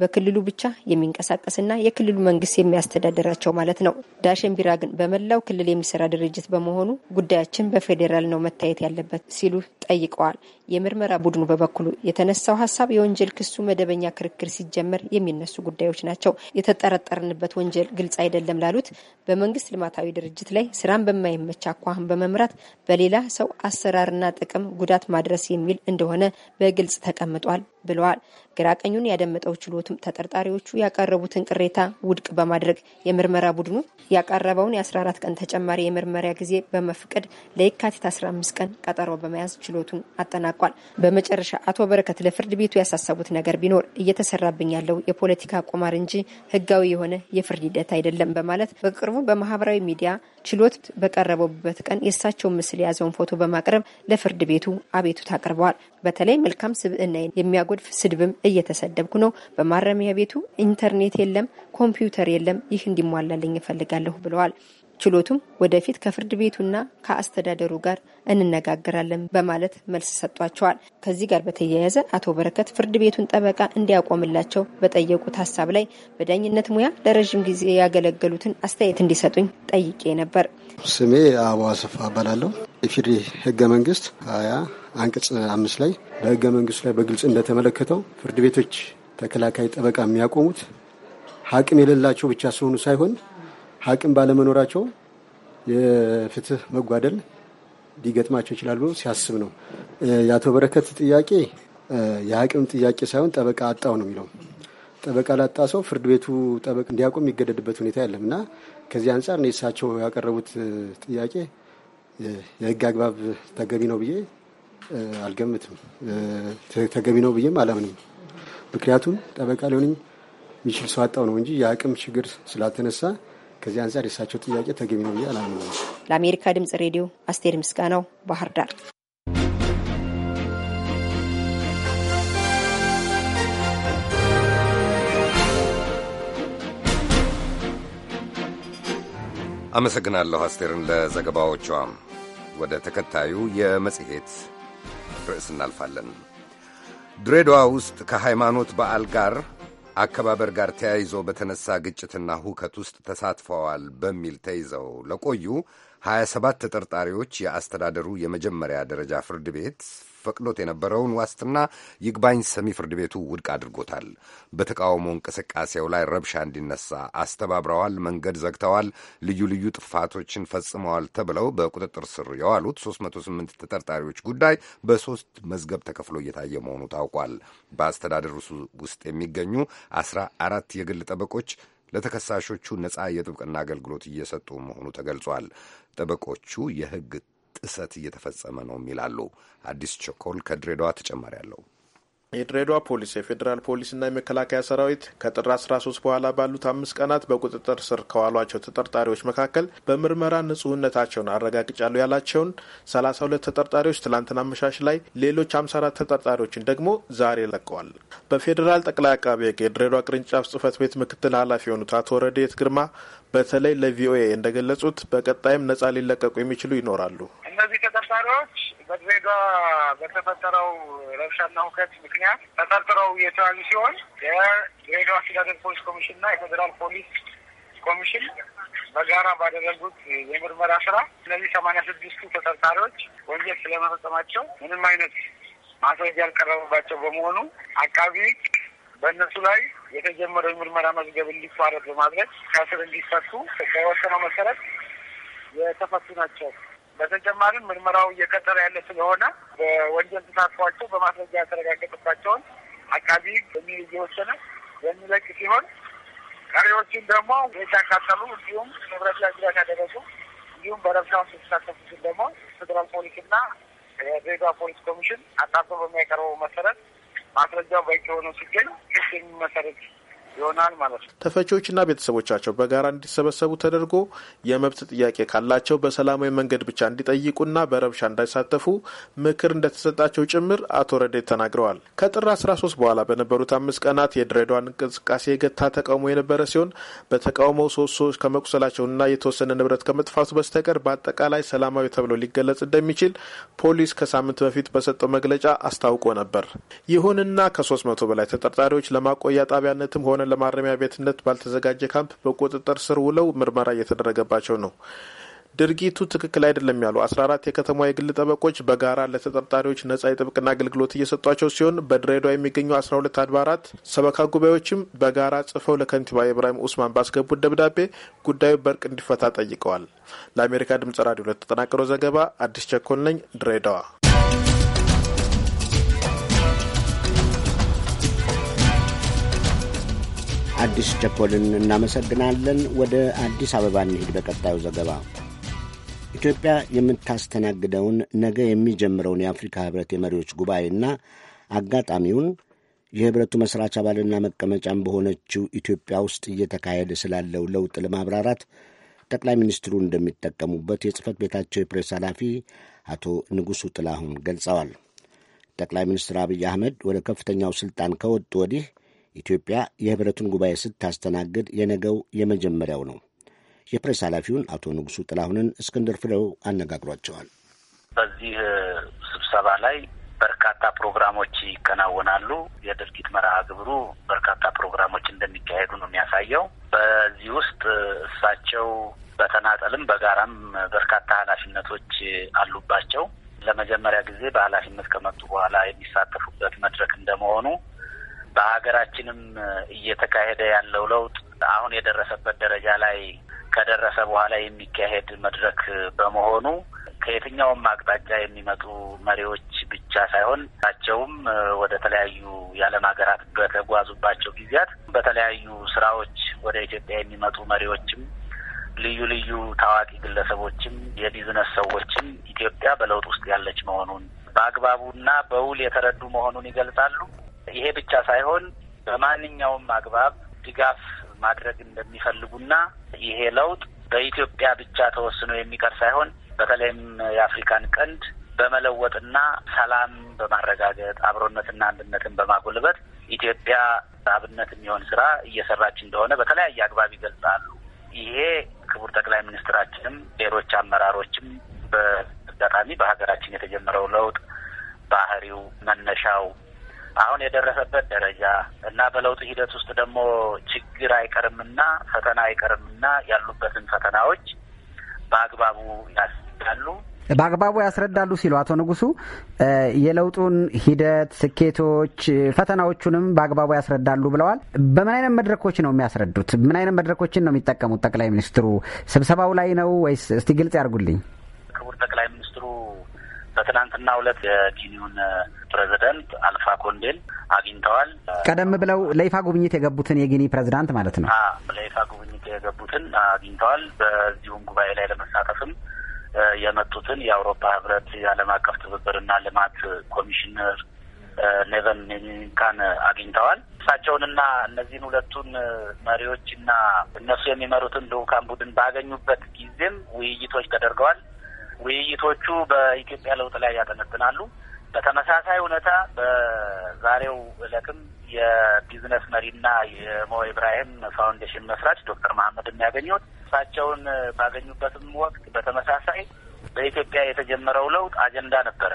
በክልሉ ብቻ የሚንቀሳቀስና የክልሉ መንግስት የሚያስተዳደራቸው ማለት ነው። ዳሽን ቢራ ግን በመላው ክልል የሚሰራ ድርጅት በመሆኑ ጉዳያችን በፌዴራል ነው መታየት ያለበት ሲሉ ጠይቀዋል። የምርመራ ቡድኑ በበኩሉ የተነሳው ሀሳብ የወንጀል ክሱ መደበኛ ክርክር ሲጀመር የሚነሱ ጉዳዮች ናቸው። የተጠረጠርንበት ወንጀል ግልጽ አይደለም ላሉት በመንግስት ልማታዊ ድርጅት ላይ ስራን በማይመች አኳኋን በመምራት በሌላ ሰው አሰራርና ጥቅም ጉዳት ማድረስ የሚል እንደሆነ በግልጽ ተቀምጧል። ብለዋል። ግራቀኙን ያደመጠው ችሎትም ተጠርጣሪዎቹ ያቀረቡትን ቅሬታ ውድቅ በማድረግ የምርመራ ቡድኑ ያቀረበውን የ14 ቀን ተጨማሪ የምርመራ ጊዜ በመፍቀድ ለየካቲት 15 ቀን ቀጠሮ በመያዝ ችሎቱን አጠናቋል። በመጨረሻ አቶ በረከት ለፍርድ ቤቱ ያሳሰቡት ነገር ቢኖር እየተሰራብኝ ያለው የፖለቲካ ቁማር እንጂ ህጋዊ የሆነ የፍርድ ሂደት አይደለም በማለት በቅርቡ በማህበራዊ ሚዲያ ችሎት በቀረበበት ቀን የእሳቸውን ምስል የያዘውን ፎቶ በማቅረብ ለፍርድ ቤቱ አቤቱታ አቅርበዋል። በተለይ መልካም ስብዕና የሚያጎ በቁድፍ ስድብም እየተሰደብኩ ነው። በማረሚያ ቤቱ ኢንተርኔት የለም፣ ኮምፒውተር የለም። ይህ እንዲሟላልኝ እፈልጋለሁ ብለዋል። ችሎቱም ወደፊት ከፍርድ ቤቱና ከአስተዳደሩ ጋር እንነጋገራለን በማለት መልስ ሰጧቸዋል። ከዚህ ጋር በተያያዘ አቶ በረከት ፍርድ ቤቱን ጠበቃ እንዲያቆምላቸው በጠየቁት ሀሳብ ላይ በዳኝነት ሙያ ለረዥም ጊዜ ያገለገሉትን አስተያየት እንዲሰጡኝ ጠይቄ ነበር። ስሜ አቦ አሰፋ እባላለሁ። የፊሪ ህገ መንግስት ሀያ አንቅጽ አምስት ላይ በህገ መንግስቱ ላይ በግልጽ እንደተመለከተው ፍርድ ቤቶች ተከላካይ ጠበቃ የሚያቆሙት አቅም የሌላቸው ብቻ ስለሆኑ ሳይሆን ሀቅም ባለመኖራቸው የፍትህ መጓደል ሊገጥማቸው ይችላሉ ሲያስብ ነው። የአቶ በረከት ጥያቄ የሀቅም ጥያቄ ሳይሆን ጠበቃ አጣው ነው የሚለው። ጠበቃ ላጣ ሰው ፍርድ ቤቱ ጠበቃ እንዲያቆም የሚገደድበት ሁኔታ የለም እና ከዚህ አንጻር ነው እሳቸው ያቀረቡት ጥያቄ የህግ አግባብ ተገቢ ነው ብዬ አልገምትም። ተገቢ ነው ብዬም አላምንም። ምክንያቱም ጠበቃ ሊሆን የሚችል ሰው አጣው ነው እንጂ የአቅም ችግር ስላልተነሳ ከዚህ አንጻር የእሳቸው ጥያቄ ተገቢ ነው ብዬ አላምንም። ለአሜሪካ ድምጽ ሬዲዮ አስቴር ምስጋናው ባህር ዳር። አመሰግናለሁ አስቴርን ለዘገባዎቿ። ወደ ተከታዩ የመጽሔት ርዕስ እናልፋለን። ድሬዳዋ ውስጥ ከሃይማኖት በዓል ጋር አከባበር ጋር ተያይዞ በተነሳ ግጭትና ሁከት ውስጥ ተሳትፈዋል በሚል ተይዘው ለቆዩ 27 ተጠርጣሪዎች የአስተዳደሩ የመጀመሪያ ደረጃ ፍርድ ቤት ፈቅዶት የነበረውን ዋስትና ይግባኝ ሰሚ ፍርድ ቤቱ ውድቅ አድርጎታል። በተቃውሞ እንቅስቃሴው ላይ ረብሻ እንዲነሳ አስተባብረዋል፣ መንገድ ዘግተዋል፣ ልዩ ልዩ ጥፋቶችን ፈጽመዋል ተብለው በቁጥጥር ስር የዋሉት 308 ተጠርጣሪዎች ጉዳይ በሶስት መዝገብ ተከፍሎ እየታየ መሆኑ ታውቋል። በአስተዳደር ውስጥ የሚገኙ አስራ አራት የግል ጠበቆች ለተከሳሾቹ ነፃ የጥብቅና አገልግሎት እየሰጡ መሆኑ ተገልጿል። ጠበቆቹ የሕግ ጥሰት እየተፈጸመ ነው የሚላሉ አዲስ ቸኮል ከድሬዳዋ ተጨማሪ አለው። የድሬዳዋ ፖሊስ የፌዴራል ፖሊስና የመከላከያ ሰራዊት ከጥር 13 በኋላ ባሉት አምስት ቀናት በቁጥጥር ስር ከዋሏቸው ተጠርጣሪዎች መካከል በምርመራ ንጹህነታቸውን አረጋግጫሉ ያላቸውን 32 ተጠርጣሪዎች ትላንትና አመሻሽ ላይ፣ ሌሎች 54 ተጠርጣሪዎችን ደግሞ ዛሬ ለቀዋል። በፌዴራል ጠቅላይ አቃቤ ሕግ የድሬዳዋ ቅርንጫፍ ጽህፈት ቤት ምክትል ኃላፊ የሆኑት አቶ ረድኤት ግርማ በተለይ ለቪኦኤ እንደገለጹት በቀጣይም ነጻ ሊለቀቁ የሚችሉ ይኖራሉ። በድሬዳዋ በተፈጠረው ረብሻና ሁከት ምክንያት ተጠርጥረው የተያዙ ሲሆን የድሬዳዋ አስተዳደር ፖሊስ ኮሚሽንና የፌዴራል ፖሊስ ኮሚሽን በጋራ ባደረጉት የምርመራ ስራ እነዚህ ሰማንያ ስድስቱ ተጠርጣሪዎች ወንጀል ስለመፈጸማቸው ምንም አይነት ማስረጃ ያልቀረበባቸው በመሆኑ አቃቢ በእነሱ ላይ የተጀመረው የምርመራ መዝገብ እንዲቋረጥ በማድረግ ከእስር እንዲፈቱ በወሰነው መሰረት የተፈቱ ናቸው። በተጨማሪም ምርመራው እየቀጠረ ያለ ስለሆነ በወንጀል ተሳትፏቸው በማስረጃ ያተረጋገጠባቸውን አቃቢ በሚል እየወሰነ የሚለቅ ሲሆን ቀሪዎችን ደግሞ ቤት ያቃጠሉ እንዲሁም ንብረት ላይ ጉዳት ያደረሱ እንዲሁም በረብሻ ውስጥ የተሳተፉትን ደግሞ ፌዴራል ፖሊስና የድሬዳዋ ፖሊስ ኮሚሽን አጣርቶ በሚያቀርበው መሰረት ማስረጃው በቂ ሆኖ ሲገኝ ክስ የሚመሰረት ይሆናል ማለት ነው። ተፈቺዎችና ቤተሰቦቻቸው በጋራ እንዲሰበሰቡ ተደርጎ የመብት ጥያቄ ካላቸው በሰላማዊ መንገድ ብቻ እንዲጠይቁና በረብሻ እንዳይሳተፉ ምክር እንደተሰጣቸው ጭምር አቶ ረዴት ተናግረዋል። ከጥር 13 በኋላ በነበሩት አምስት ቀናት የድሬዳዋን እንቅስቃሴ የገታ ተቃውሞ የነበረ ሲሆን በተቃውሞው ሶስት ሰዎች ከመቁሰላቸውና የተወሰነ ንብረት ከመጥፋቱ በስተቀር በአጠቃላይ ሰላማዊ ተብሎ ሊገለጽ እንደሚችል ፖሊስ ከሳምንት በፊት በሰጠው መግለጫ አስታውቆ ነበር። ይሁንና ከሶስት መቶ በላይ ተጠርጣሪዎች ለማቆያ ጣቢያነትም ሆነ ለማረሚያ ቤትነት ባልተዘጋጀ ካምፕ በቁጥጥር ስር ውለው ምርመራ እየተደረገባቸው ነው። ድርጊቱ ትክክል አይደለም ያሉ አስራ አራት የከተማ የግል ጠበቆች በጋራ ለተጠርጣሪዎች ነጻ የጥብቅና አገልግሎት እየሰጧቸው ሲሆን በድሬዳዋ የሚገኙ አስራ ሁለት አድባራት ሰበካ ጉባኤዎችም በጋራ ጽፈው ለከንቲባ ኢብራሂም ኡስማን ባስገቡት ደብዳቤ ጉዳዩ በእርቅ እንዲፈታ ጠይቀዋል። ለአሜሪካ ድምጽ ራዲዮ ለተጠናቀረው ዘገባ አዲስ ቸኮል ነኝ ድሬዳዋ። አዲስ ቸኮልን እናመሰግናለን። ወደ አዲስ አበባ እንሄድ። በቀጣዩ ዘገባ ኢትዮጵያ የምታስተናግደውን ነገ የሚጀምረውን የአፍሪካ ህብረት የመሪዎች ጉባኤና አጋጣሚውን የህብረቱ መስራች አባልና መቀመጫም በሆነችው ኢትዮጵያ ውስጥ እየተካሄደ ስላለው ለውጥ ለማብራራት ጠቅላይ ሚኒስትሩ እንደሚጠቀሙበት የጽህፈት ቤታቸው የፕሬስ ኃላፊ አቶ ንጉሱ ጥላሁን ገልጸዋል። ጠቅላይ ሚኒስትር አብይ አህመድ ወደ ከፍተኛው ስልጣን ከወጡ ወዲህ ኢትዮጵያ የህብረቱን ጉባኤ ስታስተናግድ የነገው የመጀመሪያው ነው። የፕሬስ ኃላፊውን አቶ ንጉሱ ጥላሁንን እስክንድር ፍሬው አነጋግሯቸዋል። በዚህ ስብሰባ ላይ በርካታ ፕሮግራሞች ይከናወናሉ። የድርጊት መርሃ ግብሩ በርካታ ፕሮግራሞች እንደሚካሄዱ ነው የሚያሳየው። በዚህ ውስጥ እሳቸው በተናጠልም በጋራም በርካታ ኃላፊነቶች አሉባቸው። ለመጀመሪያ ጊዜ በኃላፊነት ከመጡ በኋላ የሚሳተፉበት መድረክ እንደመሆኑ በሀገራችንም እየተካሄደ ያለው ለውጥ አሁን የደረሰበት ደረጃ ላይ ከደረሰ በኋላ የሚካሄድ መድረክ በመሆኑ ከየትኛውም አቅጣጫ የሚመጡ መሪዎች ብቻ ሳይሆን ቸውም ወደ ተለያዩ የዓለም ሀገራት በተጓዙባቸው ጊዜያት በተለያዩ ስራዎች ወደ ኢትዮጵያ የሚመጡ መሪዎችም ልዩ ልዩ ታዋቂ ግለሰቦችም የቢዝነስ ሰዎችም ኢትዮጵያ በለውጥ ውስጥ ያለች መሆኑን በአግባቡና በውል የተረዱ መሆኑን ይገልጻሉ። ይሄ ብቻ ሳይሆን በማንኛውም አግባብ ድጋፍ ማድረግ እንደሚፈልጉና ይሄ ለውጥ በኢትዮጵያ ብቻ ተወስኖ የሚቀር ሳይሆን በተለይም የአፍሪካን ቀንድ በመለወጥና ሰላም በማረጋገጥ አብሮነትና አንድነትን በማጎልበት ኢትዮጵያ አብነት የሚሆን ስራ እየሰራች እንደሆነ በተለያየ አግባብ ይገልጻሉ። ይሄ ክቡር ጠቅላይ ሚኒስትራችንም ሌሎች አመራሮችም በአጋጣሚ በሀገራችን የተጀመረው ለውጥ ባህሪው መነሻው አሁን የደረሰበት ደረጃ እና በለውጥ ሂደት ውስጥ ደግሞ ችግር አይቀርምና ፈተና አይቀርምና ያሉበትን ፈተናዎች በአግባቡ ያስዳሉ በአግባቡ ያስረዳሉ ሲሉ አቶ ንጉሱ የለውጡን ሂደት ስኬቶች፣ ፈተናዎቹንም በአግባቡ ያስረዳሉ ብለዋል። በምን አይነት መድረኮች ነው የሚያስረዱት? ምን አይነት መድረኮችን ነው የሚጠቀሙት? ጠቅላይ ሚኒስትሩ ስብሰባው ላይ ነው ወይስ? እስቲ ግልጽ ያርጉልኝ። ክቡር ጠቅላይ ሚኒስትሩ በትናንትና ሁለት የጊኒውን ፕሬዚደንት አልፋ ኮንዴን አግኝተዋል። ቀደም ብለው ለይፋ ጉብኝት የገቡትን የጊኒ ፕሬዚዳንት ማለት ነው። ለይፋ ጉብኝት የገቡትን አግኝተዋል። በዚሁም ጉባኤ ላይ ለመሳተፍም የመጡትን የአውሮፓ ህብረት የዓለም አቀፍ ትብብርና ልማት ኮሚሽነር ኔቨን ሜኒካን አግኝተዋል። እሳቸውንና እነዚህን ሁለቱን መሪዎችና እነሱ የሚመሩትን ልዑካን ቡድን ባገኙበት ጊዜም ውይይቶች ተደርገዋል። ውይይቶቹ በኢትዮጵያ ለውጥ ላይ ያጠነጥናሉ። በተመሳሳይ ሁኔታ በዛሬው እለትም የቢዝነስ መሪና የሞ ኢብራሂም ፋውንዴሽን መስራች ዶክተር መሀመድ የሚያገኙት እሳቸውን ባገኙበትም ወቅት በተመሳሳይ በኢትዮጵያ የተጀመረው ለውጥ አጀንዳ ነበረ።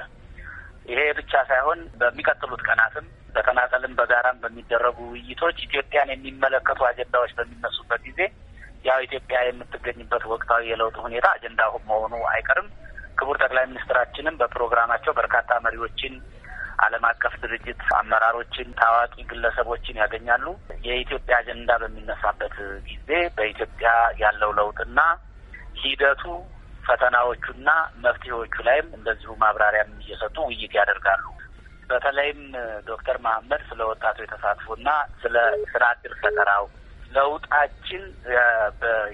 ይሄ ብቻ ሳይሆን በሚቀጥሉት ቀናትም በተናጠልም በጋራም በሚደረጉ ውይይቶች ኢትዮጵያን የሚመለከቱ አጀንዳዎች በሚነሱበት ጊዜ ያው ኢትዮጵያ የምትገኝበት ወቅታዊ የለውጥ ሁኔታ አጀንዳ መሆኑ አይቀርም። ክቡር ጠቅላይ ሚኒስትራችንም በፕሮግራማቸው በርካታ መሪዎችን፣ ዓለም አቀፍ ድርጅት አመራሮችን፣ ታዋቂ ግለሰቦችን ያገኛሉ። የኢትዮጵያ አጀንዳ በሚነሳበት ጊዜ በኢትዮጵያ ያለው ለውጥና ሂደቱ ፈተናዎቹና መፍትሄዎቹ ላይም እንደዚሁ ማብራሪያም እየሰጡ ውይይት ያደርጋሉ። በተለይም ዶክተር መሀመድ ስለ ወጣቱ የተሳትፎና ስለ ስራ እድል ፈጠራው ለውጣችን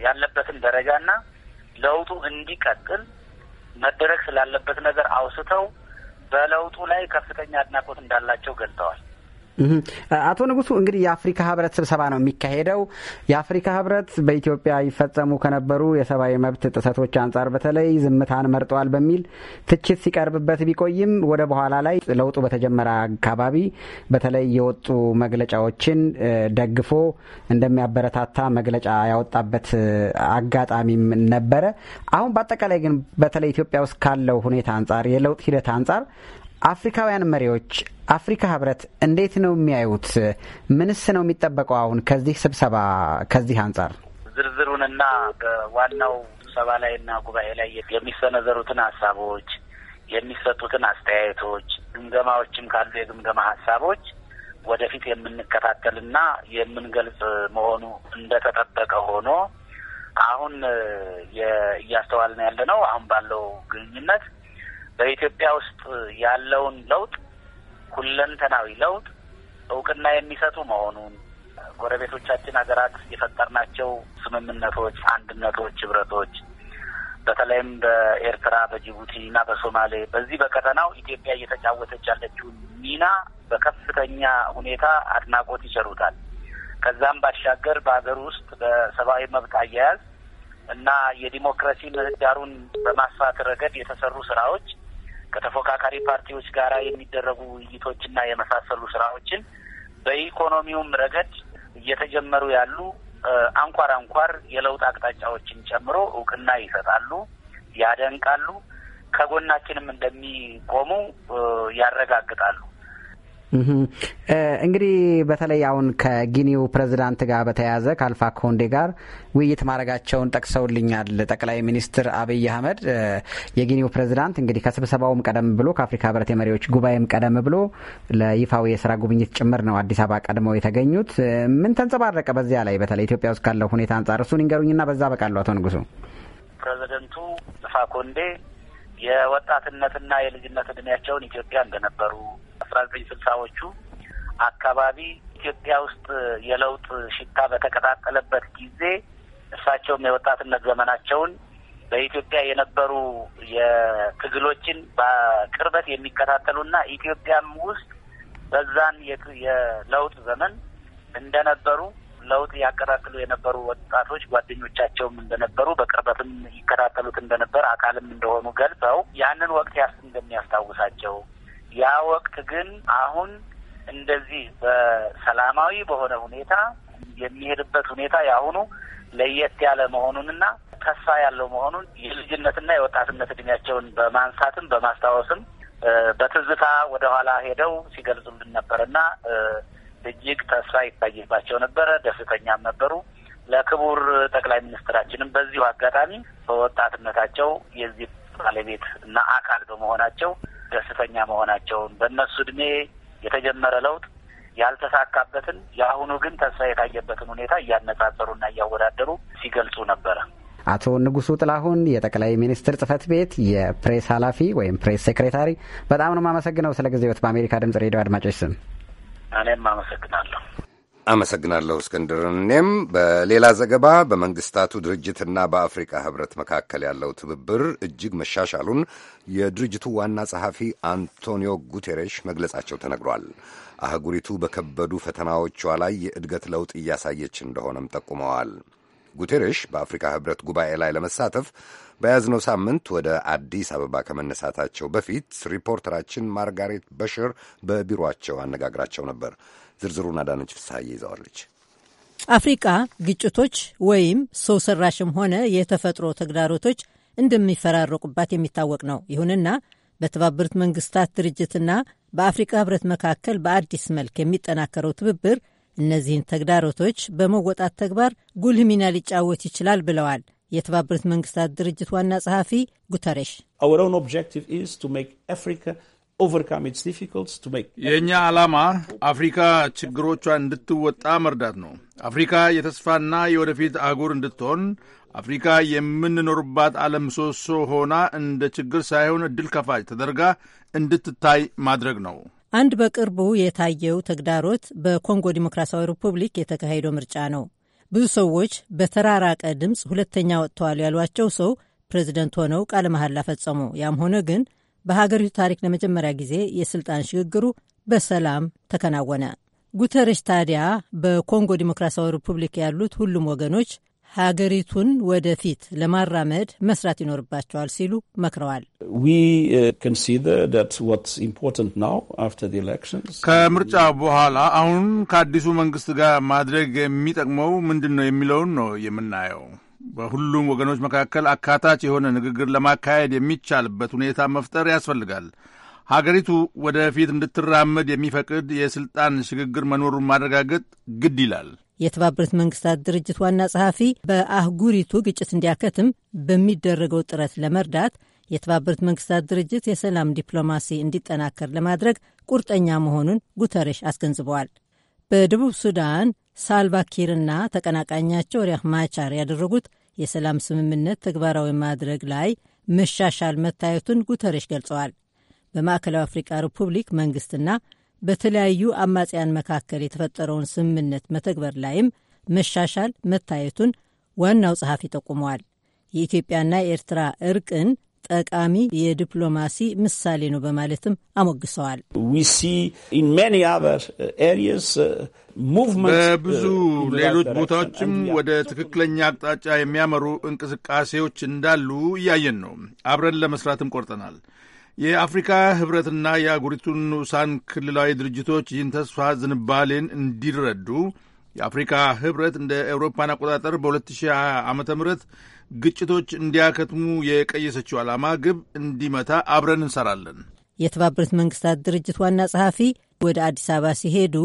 ያለበትን ደረጃና ለውጡ እንዲቀጥል መደረግ ስላለበት ነገር አውስተው በለውጡ ላይ ከፍተኛ አድናቆት እንዳላቸው ገልጠዋል። አቶ ንጉሱ እንግዲህ የአፍሪካ ህብረት ስብሰባ ነው የሚካሄደው። የአፍሪካ ህብረት በኢትዮጵያ ይፈጸሙ ከነበሩ የሰብአዊ መብት ጥሰቶች አንጻር በተለይ ዝምታን መርጧል በሚል ትችት ሲቀርብበት ቢቆይም ወደ በኋላ ላይ ለውጡ በተጀመረ አካባቢ በተለይ የወጡ መግለጫዎችን ደግፎ እንደሚያበረታታ መግለጫ ያወጣበት አጋጣሚም ነበረ። አሁን በአጠቃላይ ግን በተለይ ኢትዮጵያ ውስጥ ካለው ሁኔታ አንጻር፣ የለውጥ ሂደት አንጻር አፍሪካውያን መሪዎች አፍሪካ ህብረት እንዴት ነው የሚያዩት? ምንስ ነው የሚጠበቀው አሁን ከዚህ ስብሰባ? ከዚህ አንጻር ዝርዝሩንና በዋናው ስብሰባ ላይና ጉባኤ ላይ የሚሰነዘሩትን ሀሳቦች፣ የሚሰጡትን አስተያየቶች፣ ግምገማዎችም ካሉ የግምገማ ሀሳቦች ወደፊት የምንከታተልና የምንገልጽ መሆኑ እንደተጠበቀ ሆኖ አሁን እያስተዋልን ያለ ነው አሁን ባለው ግንኙነት በኢትዮጵያ ውስጥ ያለውን ለውጥ ሁለንተናዊ ለውጥ እውቅና የሚሰጡ መሆኑን ጎረቤቶቻችን ሀገራት የፈጠርናቸው ስምምነቶች፣ አንድነቶች፣ ህብረቶች በተለይም በኤርትራ በጅቡቲ እና በሶማሌ በዚህ በቀጠናው ኢትዮጵያ እየተጫወተች ያለችውን ሚና በከፍተኛ ሁኔታ አድናቆት ይቸሩታል። ከዛም ባሻገር በሀገር ውስጥ በሰብአዊ መብት አያያዝ እና የዲሞክራሲ ምህዳሩን በማስፋት ረገድ የተሰሩ ስራዎች ከተፎካካሪ ፓርቲዎች ጋራ የሚደረጉ ውይይቶችና የመሳሰሉ ስራዎችን በኢኮኖሚውም ረገድ እየተጀመሩ ያሉ አንኳር አንኳር የለውጥ አቅጣጫዎችን ጨምሮ እውቅና ይሰጣሉ፣ ያደንቃሉ፣ ከጎናችንም እንደሚቆሙ ያረጋግጣሉ። እንግዲህ በተለይ አሁን ከጊኒው ፕሬዚዳንት ጋር በተያያዘ ከአልፋ ኮንዴ ጋር ውይይት ማድረጋቸውን ጠቅሰውልኛል ጠቅላይ ሚኒስትር አብይ አህመድ። የጊኒው ፕሬዚዳንት እንግዲህ ከስብሰባውም ቀደም ብሎ ከአፍሪካ ህብረት የመሪዎች ጉባኤም ቀደም ብሎ ለይፋዊ የስራ ጉብኝት ጭምር ነው አዲስ አበባ ቀድመው የተገኙት። ምን ተንጸባረቀ በዚያ ላይ በተለይ ኢትዮጵያ ውስጥ ካለው ሁኔታ አንጻር እሱን ይንገሩኝና በዛ በቃሉ አቶ ንጉሱ። ፕሬዚደንቱ አልፋ ኮንዴ የወጣትነትና የልጅነት እድሜያቸውን ኢትዮጵያ እንደነበሩ አስራ ዘጠኝ ስልሳዎቹ አካባቢ ኢትዮጵያ ውስጥ የለውጥ ሽታ በተቀጣጠለበት ጊዜ እርሳቸውም የወጣትነት ዘመናቸውን በኢትዮጵያ የነበሩ የትግሎችን በቅርበት የሚከታተሉና ኢትዮጵያም ውስጥ በዛን የለውጥ ዘመን እንደነበሩ ለውጥ ያቀጣጥሉ የነበሩ ወጣቶች ጓደኞቻቸውም እንደነበሩ በቅርበትም ይከታተሉት እንደነበር አካልም እንደሆኑ ገልጸው ያንን ወቅት ያስ እንደሚያስታውሳቸው ያ ወቅት ግን አሁን እንደዚህ በሰላማዊ በሆነ ሁኔታ የሚሄድበት ሁኔታ የአሁኑ ለየት ያለ መሆኑንና ተስፋ ያለው መሆኑን የልጅነትና የወጣትነት እድሜያቸውን በማንሳትም በማስታወስም በትዝታ ወደ ኋላ ሄደው ሲገልጹልን ነበርና እጅግ ተስፋ ይታይባቸው ነበረ። ደስተኛም ነበሩ። ለክቡር ጠቅላይ ሚኒስትራችንም በዚሁ አጋጣሚ በወጣትነታቸው የዚህ ባለቤት እና አካል በመሆናቸው ደስተኛ መሆናቸውን በእነሱ እድሜ የተጀመረ ለውጥ ያልተሳካበትን የአሁኑ ግን ተስፋ የታየበትን ሁኔታ እያነጻጸሩና እያወዳደሩ ሲገልጹ ነበረ። አቶ ንጉሱ ጥላሁን የጠቅላይ ሚኒስትር ጽህፈት ቤት የፕሬስ ኃላፊ ወይም ፕሬስ ሴክሬታሪ፣ በጣም ነው የማመሰግነው ስለ ጊዜዎት በአሜሪካ ድምጽ ሬዲዮ አድማጮች ስም እኔም አመሰግናለሁ። አመሰግናለሁ እስክንድር። እኔም በሌላ ዘገባ በመንግስታቱ ድርጅትና በአፍሪካ ህብረት መካከል ያለው ትብብር እጅግ መሻሻሉን የድርጅቱ ዋና ጸሐፊ አንቶኒዮ ጉቴሬሽ መግለጻቸው ተነግሯል። አህጉሪቱ በከበዱ ፈተናዎቿ ላይ የእድገት ለውጥ እያሳየች እንደሆነም ጠቁመዋል። ጉቴሬሽ በአፍሪካ ህብረት ጉባኤ ላይ ለመሳተፍ በያዝነው ሳምንት ወደ አዲስ አበባ ከመነሳታቸው በፊት ሪፖርተራችን ማርጋሬት በሽር በቢሮአቸው አነጋግራቸው ነበር። ዝርዝሩን አዳነች ፍስሐዬ ይዘዋለች። አፍሪቃ ግጭቶች ወይም ሰው ሰራሽም ሆነ የተፈጥሮ ተግዳሮቶች እንደሚፈራረቁባት የሚታወቅ ነው። ይሁንና በተባበሩት መንግስታት ድርጅትና በአፍሪቃ ህብረት መካከል በአዲስ መልክ የሚጠናከረው ትብብር እነዚህን ተግዳሮቶች በመወጣት ተግባር ጉልህ ሚና ሊጫወት ይችላል ብለዋል የተባበሩት መንግስታት ድርጅት ዋና ጸሐፊ ጉተሬሽ። የእኛ ዓላማ አፍሪካ ችግሮቿን እንድትወጣ መርዳት ነው። አፍሪካ የተስፋና የወደፊት አህጉር እንድትሆን አፍሪካ የምንኖርባት ዓለም ምሰሶ ሆና እንደ ችግር ሳይሆን እድል ከፋጭ ተደርጋ እንድትታይ ማድረግ ነው። አንድ በቅርቡ የታየው ተግዳሮት በኮንጎ ዲሞክራሲያዊ ሪፑብሊክ የተካሄደው ምርጫ ነው። ብዙ ሰዎች በተራራቀ ድምፅ ሁለተኛ ወጥተዋል ያሏቸው ሰው ፕሬዚደንት ሆነው ቃለ መሐላ ፈጸሙ። ያም ሆነ ግን በሀገሪቱ ታሪክ ለመጀመሪያ ጊዜ የስልጣን ሽግግሩ በሰላም ተከናወነ። ጉተረሽ ታዲያ በኮንጎ ዲሞክራሲያዊ ሪፑብሊክ ያሉት ሁሉም ወገኖች ሀገሪቱን ወደፊት ለማራመድ መስራት ይኖርባቸዋል ሲሉ መክረዋል። uh, ከምርጫ በኋላ አሁን ከአዲሱ መንግስት ጋር ማድረግ የሚጠቅመው ምንድን ነው የሚለውን ነው የምናየው። በሁሉም ወገኖች መካከል አካታች የሆነ ንግግር ለማካሄድ የሚቻልበት ሁኔታ መፍጠር ያስፈልጋል። ሀገሪቱ ወደፊት እንድትራመድ የሚፈቅድ የስልጣን ሽግግር መኖሩን ማረጋገጥ ግድ ይላል። የተባበሩት መንግስታት ድርጅት ዋና ጸሐፊ በአህጉሪቱ ግጭት እንዲያከትም በሚደረገው ጥረት ለመርዳት የተባበሩት መንግስታት ድርጅት የሰላም ዲፕሎማሲ እንዲጠናከር ለማድረግ ቁርጠኛ መሆኑን ጉተረሽ አስገንዝበዋል። በደቡብ ሱዳን ሳልቫኪርና ተቀናቃኛቸው ሪያክ ማቻር ያደረጉት የሰላም ስምምነት ተግባራዊ ማድረግ ላይ መሻሻል መታየቱን ጉተሬሽ ገልጸዋል። በማዕከላዊ አፍሪቃ ሪፑብሊክ መንግስትና በተለያዩ አማጽያን መካከል የተፈጠረውን ስምምነት መተግበር ላይም መሻሻል መታየቱን ዋናው ጸሐፊ ጠቁመዋል። የኢትዮጵያና የኤርትራ እርቅን ጠቃሚ የዲፕሎማሲ ምሳሌ ነው በማለትም አሞግሰዋል። uh, uh, uh, በብዙ ሌሎች ቦታዎችም ወደ ትክክለኛ አቅጣጫ የሚያመሩ እንቅስቃሴዎች እንዳሉ እያየን ነው። አብረን ለመስራትም ቆርጠናል። የአፍሪካ ህብረትና የአህጉሪቱን ንዑሳን ክልላዊ ድርጅቶች ይህን ተስፋ ዝንባሌን እንዲረዱ የአፍሪካ ህብረት እንደ ኤውሮፓን አቆጣጠር በ2020 ዓ ም ግጭቶች እንዲያከትሙ የቀየሰችው ዓላማ ግብ እንዲመታ አብረን እንሰራለን። የተባበሩት መንግስታት ድርጅት ዋና ጸሐፊ ወደ አዲስ አበባ ሲሄዱ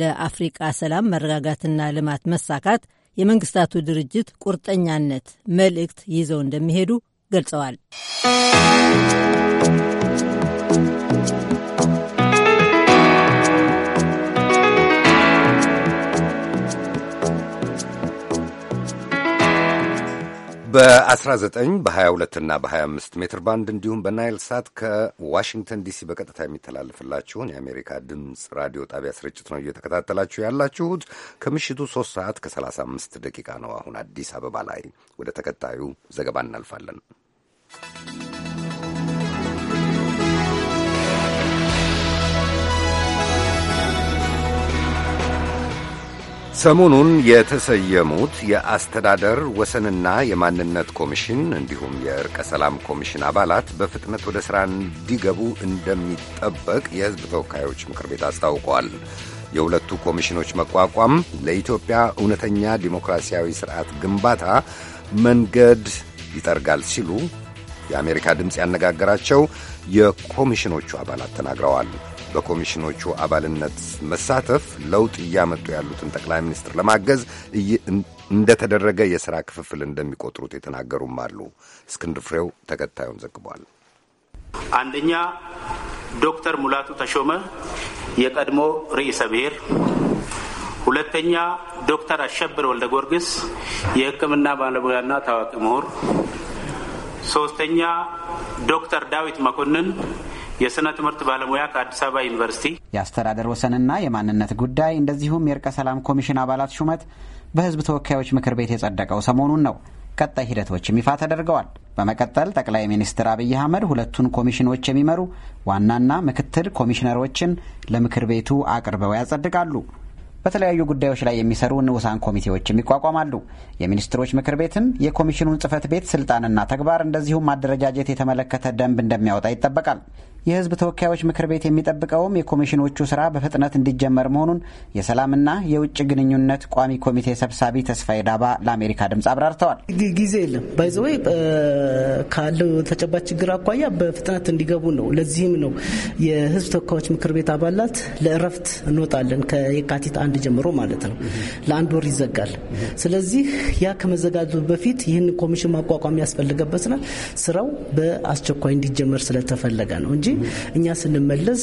ለአፍሪቃ ሰላም መረጋጋትና ልማት መሳካት የመንግስታቱ ድርጅት ቁርጠኛነት መልእክት ይዘው እንደሚሄዱ ገልጸዋል። በ19 በ22 እና በ25 ሜትር ባንድ እንዲሁም በናይል ሳት ከዋሽንግተን ዲሲ በቀጥታ የሚተላልፍላችሁን የአሜሪካ ድምፅ ራዲዮ ጣቢያ ስርጭት ነው እየተከታተላችሁ ያላችሁት። ከምሽቱ 3 ሰዓት ከ35 ደቂቃ ነው አሁን አዲስ አበባ ላይ። ወደ ተከታዩ ዘገባ እናልፋለን። ሰሞኑን የተሰየሙት የአስተዳደር ወሰንና የማንነት ኮሚሽን እንዲሁም የእርቀ ሰላም ኮሚሽን አባላት በፍጥነት ወደ ሥራ እንዲገቡ እንደሚጠበቅ የሕዝብ ተወካዮች ምክር ቤት አስታውቋል። የሁለቱ ኮሚሽኖች መቋቋም ለኢትዮጵያ እውነተኛ ዲሞክራሲያዊ ሥርዓት ግንባታ መንገድ ይጠርጋል ሲሉ የአሜሪካ ድምፅ ያነጋገራቸው የኮሚሽኖቹ አባላት ተናግረዋል። በኮሚሽኖቹ አባልነት መሳተፍ ለውጥ እያመጡ ያሉትን ጠቅላይ ሚኒስትር ለማገዝ እንደተደረገ የሥራ ክፍፍል እንደሚቆጥሩት የተናገሩም አሉ። እስክንድር ፍሬው ተከታዩን ዘግቧል። አንደኛ ዶክተር ሙላቱ ተሾመ የቀድሞ ርዕሰ ብሔር፣ ሁለተኛ ዶክተር አሸብር ወልደ ጊዮርጊስ የሕክምና ባለሙያና ታዋቂ ምሁር፣ ሶስተኛ ዶክተር ዳዊት መኮንን የስነ ትምህርት ባለሙያ ከአዲስ አበባ ዩኒቨርሲቲ፣ የአስተዳደር ወሰንና የማንነት ጉዳይ እንደዚሁም የእርቀ ሰላም ኮሚሽን አባላት ሹመት በህዝብ ተወካዮች ምክር ቤት የጸደቀው ሰሞኑን ነው። ቀጣይ ሂደቶችም ይፋ ተደርገዋል። በመቀጠል ጠቅላይ ሚኒስትር አብይ አህመድ ሁለቱን ኮሚሽኖች የሚመሩ ዋናና ምክትል ኮሚሽነሮችን ለምክር ቤቱ አቅርበው ያጸድቃሉ። በተለያዩ ጉዳዮች ላይ የሚሰሩ ንዑሳን ኮሚቴዎችም ይቋቋማሉ። የሚኒስትሮች ምክር ቤትም የኮሚሽኑን ጽህፈት ቤት ስልጣንና ተግባር እንደዚሁም አደረጃጀት የተመለከተ ደንብ እንደሚያወጣ ይጠበቃል። የህዝብ ተወካዮች ምክር ቤት የሚጠብቀውም የኮሚሽኖቹ ስራ በፍጥነት እንዲጀመር መሆኑን የሰላምና የውጭ ግንኙነት ቋሚ ኮሚቴ ሰብሳቢ ተስፋዬ ዳባ ለአሜሪካ ድምፅ አብራርተዋል። ጊዜ የለም ባይዘወይ ካለው ተጨባጭ ችግር አኳያ በፍጥነት እንዲገቡ ነው። ለዚህም ነው የህዝብ ተወካዮች ምክር ቤት አባላት ለእረፍት እንወጣለን ከየካቲት አንድ ጀምሮ ማለት ነው። ለአንድ ወር ይዘጋል። ስለዚህ ያ ከመዘጋቱ በፊት ይህን ኮሚሽን ማቋቋም ያስፈልገበትና ስራው በአስቸኳይ እንዲጀመር ስለተፈለገ ነው እንጂ እኛ ስንመለስ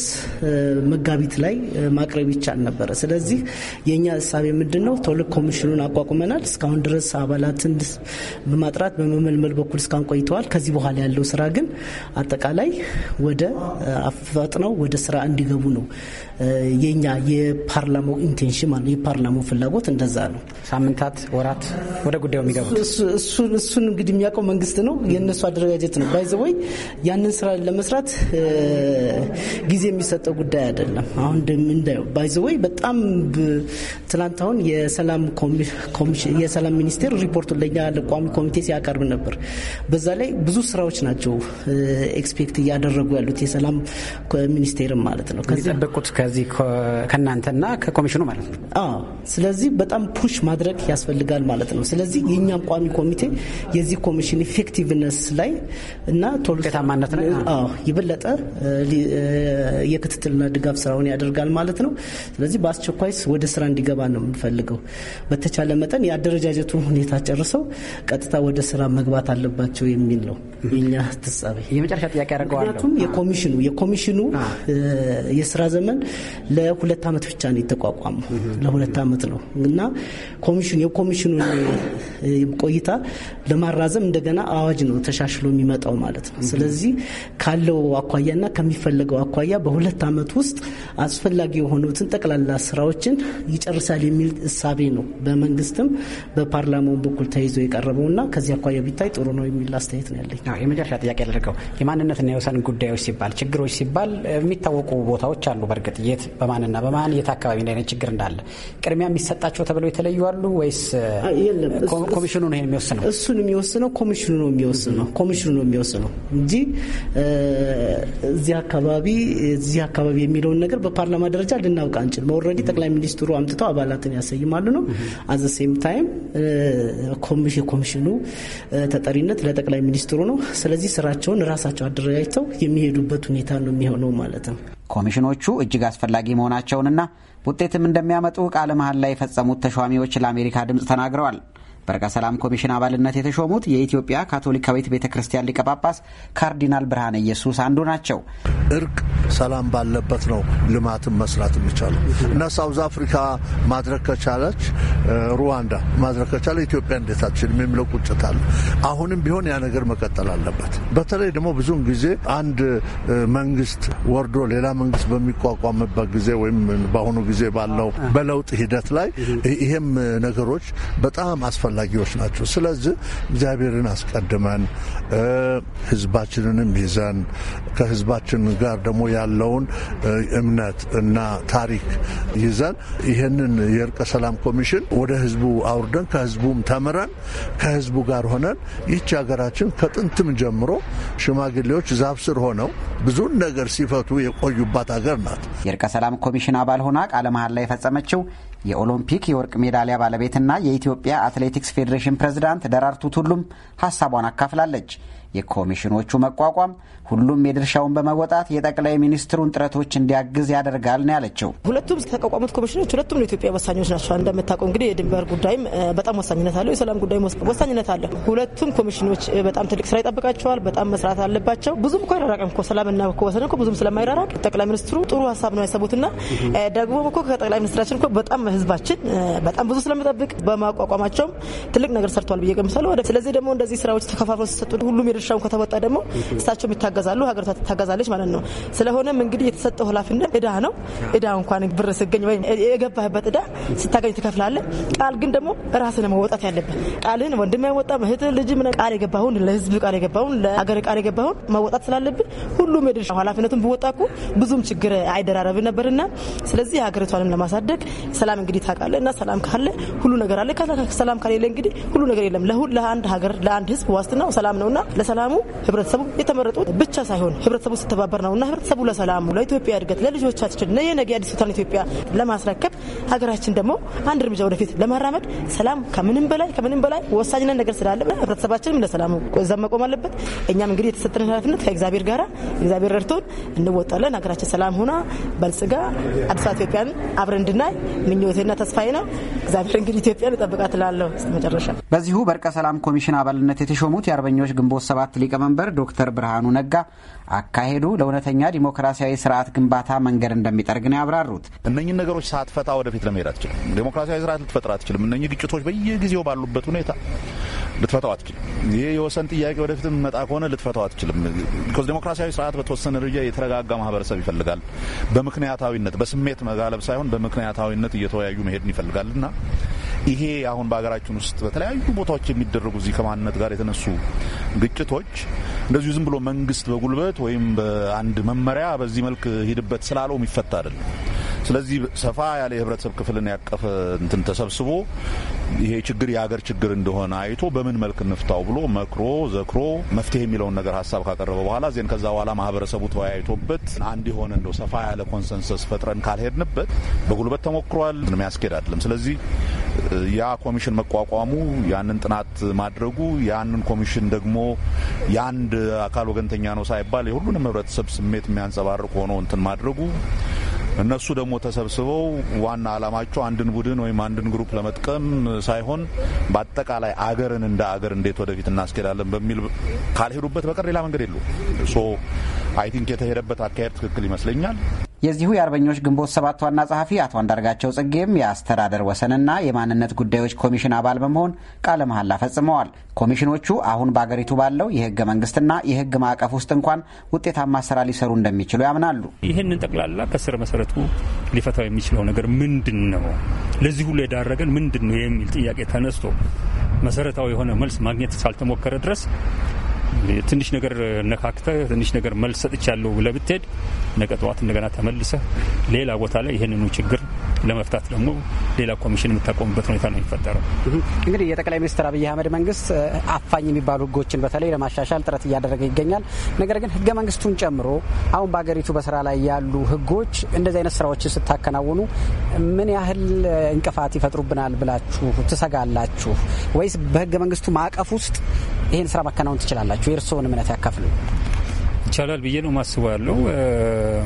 መጋቢት ላይ ማቅረብ ይቻል ነበረ። ስለዚህ የእኛ እሳቤ ምንድን ነው? ተውልቅ ኮሚሽኑን አቋቁመናል። እስካሁን ድረስ አባላትን በማጥራት በመመልመል በኩል እስካሁን ቆይተዋል። ከዚህ በኋላ ያለው ስራ ግን አጠቃላይ ወደ አፋጥነው ወደ ስራ እንዲገቡ ነው የኛ የፓርላማው ኢንቴንሽን ማለት የፓርላማው ፍላጎት እንደዛ ነው። ሳምንታት፣ ወራት ወደ ጉዳዩ የሚገቡት እሱን እንግዲህ የሚያውቀው መንግስት ነው። የእነሱ አደረጃጀት ነው። ወይ ያንን ስራ ለመስራት ጊዜ የሚሰጠው ጉዳይ አይደለም። አሁን እንዳየው ባይዘወይ በጣም ትናንት አሁን የሰላም ሚኒስቴር ሪፖርቱን ለኛ ለቋሚ ኮሚቴ ሲያቀርብ ነበር። በዛ ላይ ብዙ ስራዎች ናቸው ኤክስፔክት እያደረጉ ያሉት የሰላም ሚኒስቴርም ማለት ነው ከዚህ ከዚህ ከእናንተና ከኮሚሽኑ ማለት ነው። ስለዚህ በጣም ፑሽ ማድረግ ያስፈልጋል ማለት ነው። ስለዚህ የእኛም ቋሚ ኮሚቴ የዚህ ኮሚሽን ኢፌክቲቭነስ ላይ እና ውጤታማነት የበለጠ የክትትልና ድጋፍ ስራውን ያደርጋል ማለት ነው። ስለዚህ በአስቸኳይ ወደ ስራ እንዲገባ ነው የምንፈልገው። በተቻለ መጠን የአደረጃጀቱ ሁኔታ ጨርሰው ቀጥታ ወደ ስራ መግባት አለባቸው የሚል ነው የኛ ትሳቤ። የመጨረሻ ጥያቄ ያደርገዋል። ምክንያቱም የኮሚሽኑ የኮሚሽኑ የስራ ዘመን ለሁለት ዓመት ብቻ ነው የተቋቋሙ ለሁለት ዓመት ነው እና ኮሚሽኑ የኮሚሽኑን ቆይታ ለማራዘም እንደገና አዋጅ ነው ተሻሽሎ የሚመጣው ማለት ነው። ስለዚህ ካለው አኳያና ከሚፈለገው አኳያ በሁለት ዓመት ውስጥ አስፈላጊ የሆኑትን ጠቅላላ ስራዎችን ይጨርሳል የሚል እሳቤ ነው በመንግስትም በፓርላማው በኩል ተይዞ እና ከዚህ አኳያ ቢታይ ጥሩ ነው የሚል አስተያየት ነው ያለኝ። የመጨረሻ ጥያቄ ያደርገው የማንነትና የወሰን ጉዳዮች ሲባል ችግሮች ሲባል የሚታወቁ ቦታዎች አሉ በእርግጥ የት በማንና በማን የት አካባቢ እንደ አይነት ችግር እንዳለ ቅድሚያ የሚሰጣቸው ተብለው የተለዩ አሉ ወይስ ኮሚሽኑ ነው ይሄን የሚወስነው? እሱን የሚወስነው ኮሚሽኑ ነው የሚወስነው ኮሚሽኑ ነው የሚወስነው እንጂ እዚህ አካባቢ እዚህ አካባቢ የሚለውን ነገር በፓርላማ ደረጃ ልናውቅ አንችልም። ኦልሬዲ ጠቅላይ ሚኒስትሩ አምጥተው አባላትን ያሰይማሉ ነው። አዘ ሴም ታይም የኮሚሽኑ ተጠሪነት ለጠቅላይ ሚኒስትሩ ነው። ስለዚህ ስራቸውን ራሳቸው አደረጃጅተው የሚሄዱበት ሁኔታ ነው የሚሆነው ማለት ነው። ኮሚሽኖቹ እጅግ አስፈላጊ መሆናቸውንና ውጤትም እንደሚያመጡ ቃለ መሀል ላይ የፈጸሙት ተሿሚዎች ለአሜሪካ ድምፅ ተናግረዋል። በርቀ ሰላም ኮሚሽን አባልነት የተሾሙት የኢትዮጵያ ካቶሊካዊት ቤተ ክርስቲያን ሊቀ ጳጳስ ካርዲናል ብርሃነ ኢየሱስ አንዱ ናቸው። እርቅ ሰላም ባለበት ነው ልማትን መስራት የሚቻለው እና ሳውዝ አፍሪካ ማድረግ ከቻለች፣ ሩዋንዳ ማድረግ ከቻለ ኢትዮጵያ እንዴታችን የሚለው ቁጭት አለ። አሁንም ቢሆን ያ ነገር መቀጠል አለበት። በተለይ ደግሞ ብዙውን ጊዜ አንድ መንግስት ወርዶ ሌላ መንግስት በሚቋቋምበት ጊዜ ወይም በአሁኑ ጊዜ ባለው በለውጥ ሂደት ላይ ይሄም ነገሮች በጣም አስፈላጊ ፈላጊዎች ናቸው። ስለዚህ እግዚአብሔርን አስቀድመን ህዝባችንንም ይዘን ከህዝባችን ጋር ደግሞ ያለውን እምነት እና ታሪክ ይዘን ይህንን የእርቀ ሰላም ኮሚሽን ወደ ህዝቡ አውርደን ከህዝቡም ተምረን ከህዝቡ ጋር ሆነን ይህች ሀገራችን ከጥንትም ጀምሮ ሽማግሌዎች ዛፍ ስር ሆነው ብዙን ነገር ሲፈቱ የቆዩባት ሀገር ናት። የእርቀ ሰላም ኮሚሽን አባል ሆና ቃለ ላይ የፈጸመችው የኦሎምፒክ የወርቅ ሜዳሊያ ባለቤትና የኢትዮጵያ አትሌቲክስ ፌዴሬሽን ፕሬዝዳንት ደራርቱ ቱሉም ሀሳቧን አካፍላለች። የኮሚሽኖቹ መቋቋም ሁሉም የድርሻውን በመወጣት የጠቅላይ ሚኒስትሩን ጥረቶች እንዲያግዝ ያደርጋል ነው ያለችው። ሁለቱም ተቋቋሙት ኮሚሽኖች ሁለቱም ለኢትዮጵያ ወሳኞች ናቸው። እንደምታውቀው እንግዲህ የድንበር ጉዳይም በጣም ወሳኝነት አለው፣ የሰላም ጉዳይም ወሳኝነት አለ። ሁለቱም ኮሚሽኖች በጣም ትልቅ ስራ ይጠብቃቸዋል። በጣም መስራት አለባቸው። ብዙም እኮ አይራራቅም እኮ ሰላምና እኮ ወሰን እኮ ብዙም ስለማይራራቅ ጠቅላይ ሚኒስትሩ ጥሩ ሀሳብ ነው ያሰቡት ያሰቡትና ደግሞ እኮ ከጠቅላይ ሚኒስትራችን እኮ በጣም ህዝባችን በጣም ብዙ ስለሚጠብቅ በማቋቋማቸውም ትልቅ ነገር ሰርተዋል ብዬ ገምሳለሁ። ስለዚህ ደግሞ እንደዚህ ስራዎች ተከፋፍለው ሲሰጡ ሁሉም የድርሻ ድርሻውን ከተወጣ ደግሞ እሳቸው ይታገዛሉ፣ ሀገሪቷ ትታገዛለች ማለት ነው። ስለሆነም እንግዲህ የተሰጠው ኃላፊነት እዳ ነው። እዳ እንኳን ብር ስገኝ ወይም የገባህበት እዳ ስታገኝ ትከፍላለህ። ቃል ግን ደግሞ ራስ መወጣት ያለብህ። ቃልህን ወንድም ያወጣ እህት ልጅ ቃል የገባሁን ለህዝብ ቃል የገባሁን ለሀገር ቃል የገባሁን መወጣት ስላለብህ ሁሉም የድርሻ ኃላፊነቱን ብወጣኩ ብዙም ችግር አይደራረብ ነበርና ስለዚህ ሀገሪቷንም ለማሳደግ ሰላም እንግዲህ ታውቃለህ እና ሰላም ካለ ሁሉ ነገር አለ። ሰላም ከሌለ እንግዲህ ሁሉ ነገር የለም። ለአንድ ሀገር ለአንድ ህዝብ ዋስትናው ሰላም ነውና ለሰላሙ ህብረተሰቡ የተመረጡት ብቻ ሳይሆን ህብረተሰቡ ነው እና ህብረተሰቡ ለሰላሙ፣ ለኢትዮጵያ እድገት፣ ለልጆቻችን የነገ አዲስቷን ኢትዮጵያ ለማስረከብ ሀገራችን ደግሞ አንድ እርምጃ ወደፊት ለማራመድ ሰላም ከምንም በላይ ከምንም በላይ ወሳኝነት ነገር ስላለ ህብረተሰባችንም ለሰላሙ እዛ መቆም አለበት። እኛም እንግዲህ የተሰጠን ኃላፊነት ከእግዚአብሔር ጋራ እግዚአብሔር ረድቶን እንወጣለን። ሀገራችን ሰላም ሆና በልጽጋ አዲስ ኢትዮጵያን አብረን እንድናይ ምኞቴና ተስፋዬ ነው። እግዚአብሔር እንግዲህ ኢትዮጵያን ይጠብቃት እላለሁ። መጨረሻ በዚሁ በእርቀ ሰላም ኮሚሽን አባልነት የተሾሙት የአርበኞች ግንቦት ሰባት ሊቀመንበር ዶክተር ብርሃኑ ነጋ አካሄዱ ለእውነተኛ ዲሞክራሲያዊ ስርዓት ግንባታ መንገድ እንደሚጠርግ ነው ያብራሩት። እነኝን ነገሮች ሳትፈታ ወደፊት ለመሄድ አትችልም። ዲሞክራሲያዊ ስርዓት ልትፈጥር አትችልም። እነህ ግጭቶች በየጊዜው ባሉበት ሁኔታ ልትፈታው አትችልም። ይህ የወሰን ጥያቄ ወደፊት መጣ ከሆነ ልትፈታው አትችልም። ቢኮዝ ዲሞክራሲያዊ ስርዓት በተወሰነ ደረጃ የተረጋጋ ማህበረሰብ ይፈልጋል። በምክንያታዊነት በስሜት መጋለብ ሳይሆን በምክንያታዊነት እየተወያዩ መሄድን ይፈልጋልና ይሄ አሁን በሀገራችን ውስጥ በተለያዩ ቦታዎች የሚደረጉ እዚህ ከማንነት ጋር የተነሱ ግጭቶች እንደዚሁ ዝም ብሎ መንግስት በጉልበት ወይም በአንድ መመሪያ በዚህ መልክ ሂድበት ስላለው የሚፈታ አይደለም። ስለዚህ ሰፋ ያለ የህብረተሰብ ክፍልን ያቀፈ እንትን ተሰብስቦ ይሄ ችግር የሀገር ችግር እንደሆነ አይቶ በምን መልክ እንፍታው ብሎ መክሮ ዘክሮ መፍትሄ የሚለውን ነገር ሀሳብ ካቀረበ በኋላ ዜን ከዛ በኋላ ማህበረሰቡ ተወያይቶበት አንድ የሆነ እንደው ሰፋ ያለ ኮንሰንሰስ ፈጥረን ካልሄድንበት በጉልበት ተሞክሯል፣ ምንም ያስኬድ አይደለም። ስለዚህ ያ ኮሚሽን መቋቋሙ ያንን ጥናት ማድረጉ ያንን ኮሚሽን ደግሞ የአንድ አካል ወገንተኛ ነው ሳይባል የሁሉንም ህብረተሰብ ስሜት የሚያንጸባርቅ ሆኖ እንትን ማድረጉ እነሱ ደግሞ ተሰብስበው ዋና ዓላማቸው አንድን ቡድን ወይም አንድን ግሩፕ ለመጥቀም ሳይሆን በአጠቃላይ አገርን እንደ አገር እንዴት ወደፊት እናስኬዳለን በሚል ካልሄዱበት በቀር ሌላ መንገድ የሉ። ሶ አይ ቲንክ የተሄደበት አካሄድ ትክክል ይመስለኛል። የዚሁ የአርበኞች ግንቦት ሰባት ዋና ጸሐፊ አቶ አንዳርጋቸው ጽጌም የአስተዳደር ወሰንና የማንነት ጉዳዮች ኮሚሽን አባል በመሆን ቃለ መሐላ ፈጽመዋል። ኮሚሽኖቹ አሁን በአገሪቱ ባለው የህገ መንግስትና የህግ ማዕቀፍ ውስጥ እንኳን ውጤታማ ስራ ሊሰሩ እንደሚችሉ ያምናሉ። ይህንን ጠቅላላ ከስር መሰረቱ ሊፈታው የሚችለው ነገር ምንድን ነው? ለዚህ ሁሉ የዳረገን ምንድን ነው የሚል ጥያቄ ተነስቶ መሰረታዊ የሆነ መልስ ማግኘት ሳልተሞከረ ድረስ ትንሽ ነገር ነካክተ ትንሽ ነገር መልስ ሰጥቻለሁ ብለህ ብትሄድ ነገ ጠዋት እንደገና ተመልሰህ ሌላ ቦታ ላይ ይህንኑ ችግር ለመፍታት ደግሞ ሌላ ኮሚሽን የምታቆሙበት ሁኔታ ነው የሚፈጠረው። እንግዲህ የጠቅላይ ሚኒስትር አብይ አህመድ መንግስት አፋኝ የሚባሉ ህጎችን በተለይ ለማሻሻል ጥረት እያደረገ ይገኛል። ነገር ግን ህገ መንግስቱን ጨምሮ አሁን በሀገሪቱ በስራ ላይ ያሉ ህጎች እንደዚህ አይነት ስራዎችን ስታከናውኑ ምን ያህል እንቅፋት ይፈጥሩብናል ብላችሁ ትሰጋላችሁ ወይስ በህገ መንግስቱ ማዕቀፍ ውስጥ ይህን ስራ ማከናወን ትችላላችሁ? የእርስዎን እምነት ያካፍሉ። ይቻላል ብዬ ነው ማስበው ያለው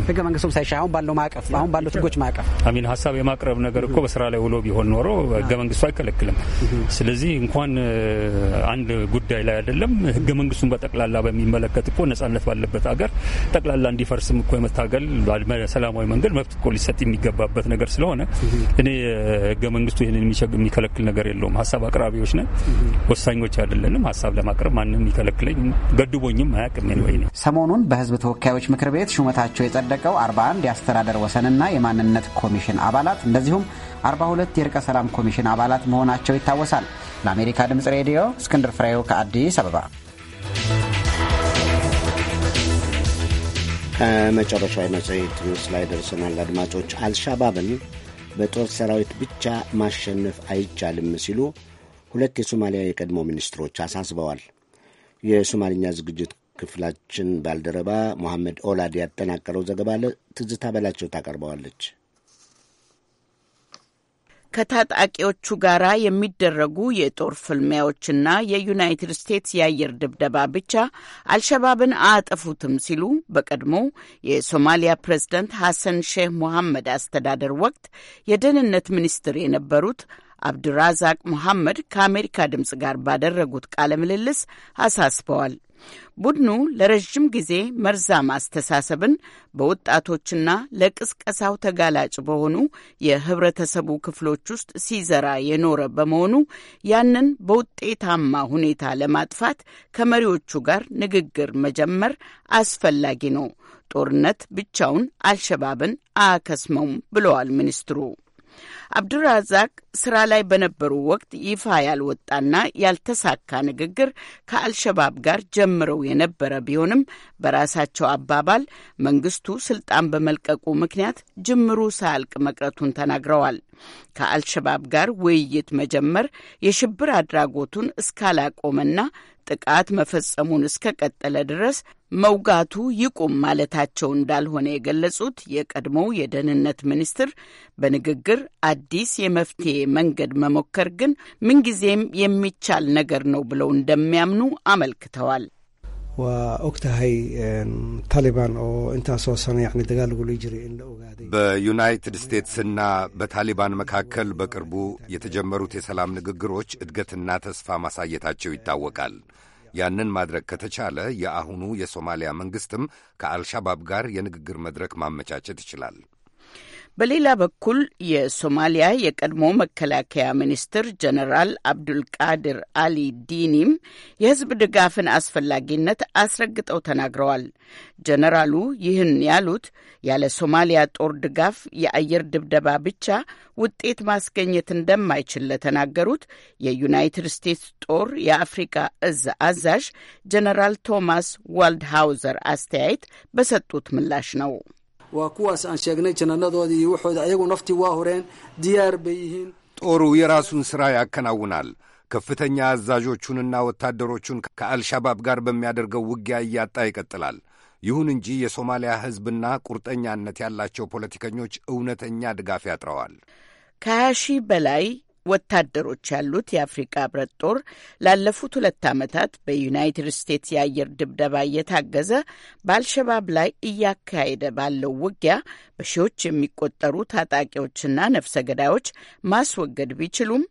ህገ መንግስቱም ሳይሻ አሁን ባለው ማዕቀፍ አሁን ባሉት ህጎች ማዕቀፍ አሚን ሀሳብ የማቅረብ ነገር እኮ በስራ ላይ ውሎ ቢሆን ኖሮ ህገ መንግስቱ አይከለክልም። ስለዚህ እንኳን አንድ ጉዳይ ላይ አይደለም ህገ መንግስቱን በጠቅላላ በሚመለከት እኮ ነጻነት ባለበት ሀገር ጠቅላላ እንዲፈርስም እኮ የመታገል ሰላማዊ መንገድ መብት እኮ ሊሰጥ የሚገባበት ነገር ስለሆነ እኔ ህገ መንግስቱ ይህንን የሚከለክል ነገር የለውም። ሀሳብ አቅራቢዎች ነን፣ ወሳኞች አይደለንም። ሀሳብ ለማቅረብ ማንም የሚከለክለኝ ገድቦኝም አያውቅም ወይ ነው። ሰሞኑን በህዝብ ተወካዮች ምክር ቤት ሹመታቸው የጸደቀው 41 የአስተዳደር ወሰንና የማንነት ኮሚሽን አባላት እንደዚሁም 42 የእርቀ ሰላም ኮሚሽን አባላት መሆናቸው ይታወሳል። ለአሜሪካ ድምፅ ሬዲዮ እስክንድር ፍሬው ከአዲስ አበባ። ከመጨረሻዊ መጽሔት ውስጥ ላይ ደርሰናል አድማጮች። አልሻባብን በጦር ሰራዊት ብቻ ማሸነፍ አይቻልም ሲሉ ሁለት የሶማሊያ የቀድሞ ሚኒስትሮች አሳስበዋል። የሶማልኛ ዝግጅት ክፍላችን ባልደረባ ሞሐመድ ኦላድ ያጠናቀረው ዘገባ ለትዝታ በላቸው ታቀርበዋለች። ከታጣቂዎቹ ጋር የሚደረጉ የጦር ፍልሚያዎችና የዩናይትድ ስቴትስ የአየር ድብደባ ብቻ አልሸባብን አያጠፉትም ሲሉ በቀድሞ የሶማሊያ ፕሬዝደንት ሐሰን ሼህ ሞሐመድ አስተዳደር ወቅት የደህንነት ሚኒስትር የነበሩት አብድራዛቅ ሞሐመድ ከአሜሪካ ድምፅ ጋር ባደረጉት ቃለ ምልልስ አሳስበዋል። ቡድኑ ለረዥም ጊዜ መርዛማ አስተሳሰብን በወጣቶችና ለቅስቀሳው ተጋላጭ በሆኑ የህብረተሰቡ ክፍሎች ውስጥ ሲዘራ የኖረ በመሆኑ ያንን በውጤታማ ሁኔታ ለማጥፋት ከመሪዎቹ ጋር ንግግር መጀመር አስፈላጊ ነው። ጦርነት ብቻውን አልሸባብን አያከስመውም ብለዋል ሚኒስትሩ። አብዱራዛቅ ስራ ላይ በነበሩ ወቅት ይፋ ያልወጣና ያልተሳካ ንግግር ከአልሸባብ ጋር ጀምረው የነበረ ቢሆንም በራሳቸው አባባል መንግስቱ ስልጣን በመልቀቁ ምክንያት ጅምሩ ሳያልቅ መቅረቱን ተናግረዋል። ከአልሸባብ ጋር ውይይት መጀመር የሽብር አድራጎቱን እስካላቆመና ጥቃት መፈጸሙን እስከቀጠለ ድረስ መውጋቱ ይቁም ማለታቸው እንዳልሆነ የገለጹት የቀድሞው የደህንነት ሚኒስትር በንግግር አዲስ የመፍትሄ መንገድ መሞከር ግን ምንጊዜም የሚቻል ነገር ነው ብለው እንደሚያምኑ አመልክተዋል። በዩናይትድ ስቴትስና በታሊባን መካከል በቅርቡ የተጀመሩት የሰላም ንግግሮች እድገትና ተስፋ ማሳየታቸው ይታወቃል። ያንን ማድረግ ከተቻለ የአሁኑ የሶማሊያ መንግስትም ከአልሻባብ ጋር የንግግር መድረክ ማመቻቸት ይችላል። በሌላ በኩል የሶማሊያ የቀድሞ መከላከያ ሚኒስትር ጀነራል አብዱልቃድር አሊ ዲኒም የህዝብ ድጋፍን አስፈላጊነት አስረግጠው ተናግረዋል። ጀነራሉ ይህን ያሉት ያለ ሶማሊያ ጦር ድጋፍ የአየር ድብደባ ብቻ ውጤት ማስገኘት እንደማይችል ለተናገሩት የዩናይትድ ስቴትስ ጦር የአፍሪካ እዝ አዛዥ ጀነራል ቶማስ ዋልድሃውዘር አስተያየት በሰጡት ምላሽ ነው። waa kuwaas aan sheegnay jananadoodii iyo waxooda ayagu naftii waa horeen diyaar bay yihiin ጦሩ የራሱን ሥራ ያከናውናል። ከፍተኛ አዛዦቹንና ወታደሮቹን ከአልሻባብ ጋር በሚያደርገው ውጊያ እያጣ ይቀጥላል። ይሁን እንጂ የሶማሊያ ሕዝብና ቁርጠኛነት ያላቸው ፖለቲከኞች እውነተኛ ድጋፍ ያጥረዋል። ከሀያ ሺህ በላይ ወታደሮች ያሉት የአፍሪቃ ህብረት ጦር ላለፉት ሁለት ዓመታት በዩናይትድ ስቴትስ የአየር ድብደባ እየታገዘ በአልሸባብ ላይ እያካሄደ ባለው ውጊያ በሺዎች የሚቆጠሩ ታጣቂዎችና ነፍሰ ገዳዮች ማስወገድ ቢችሉም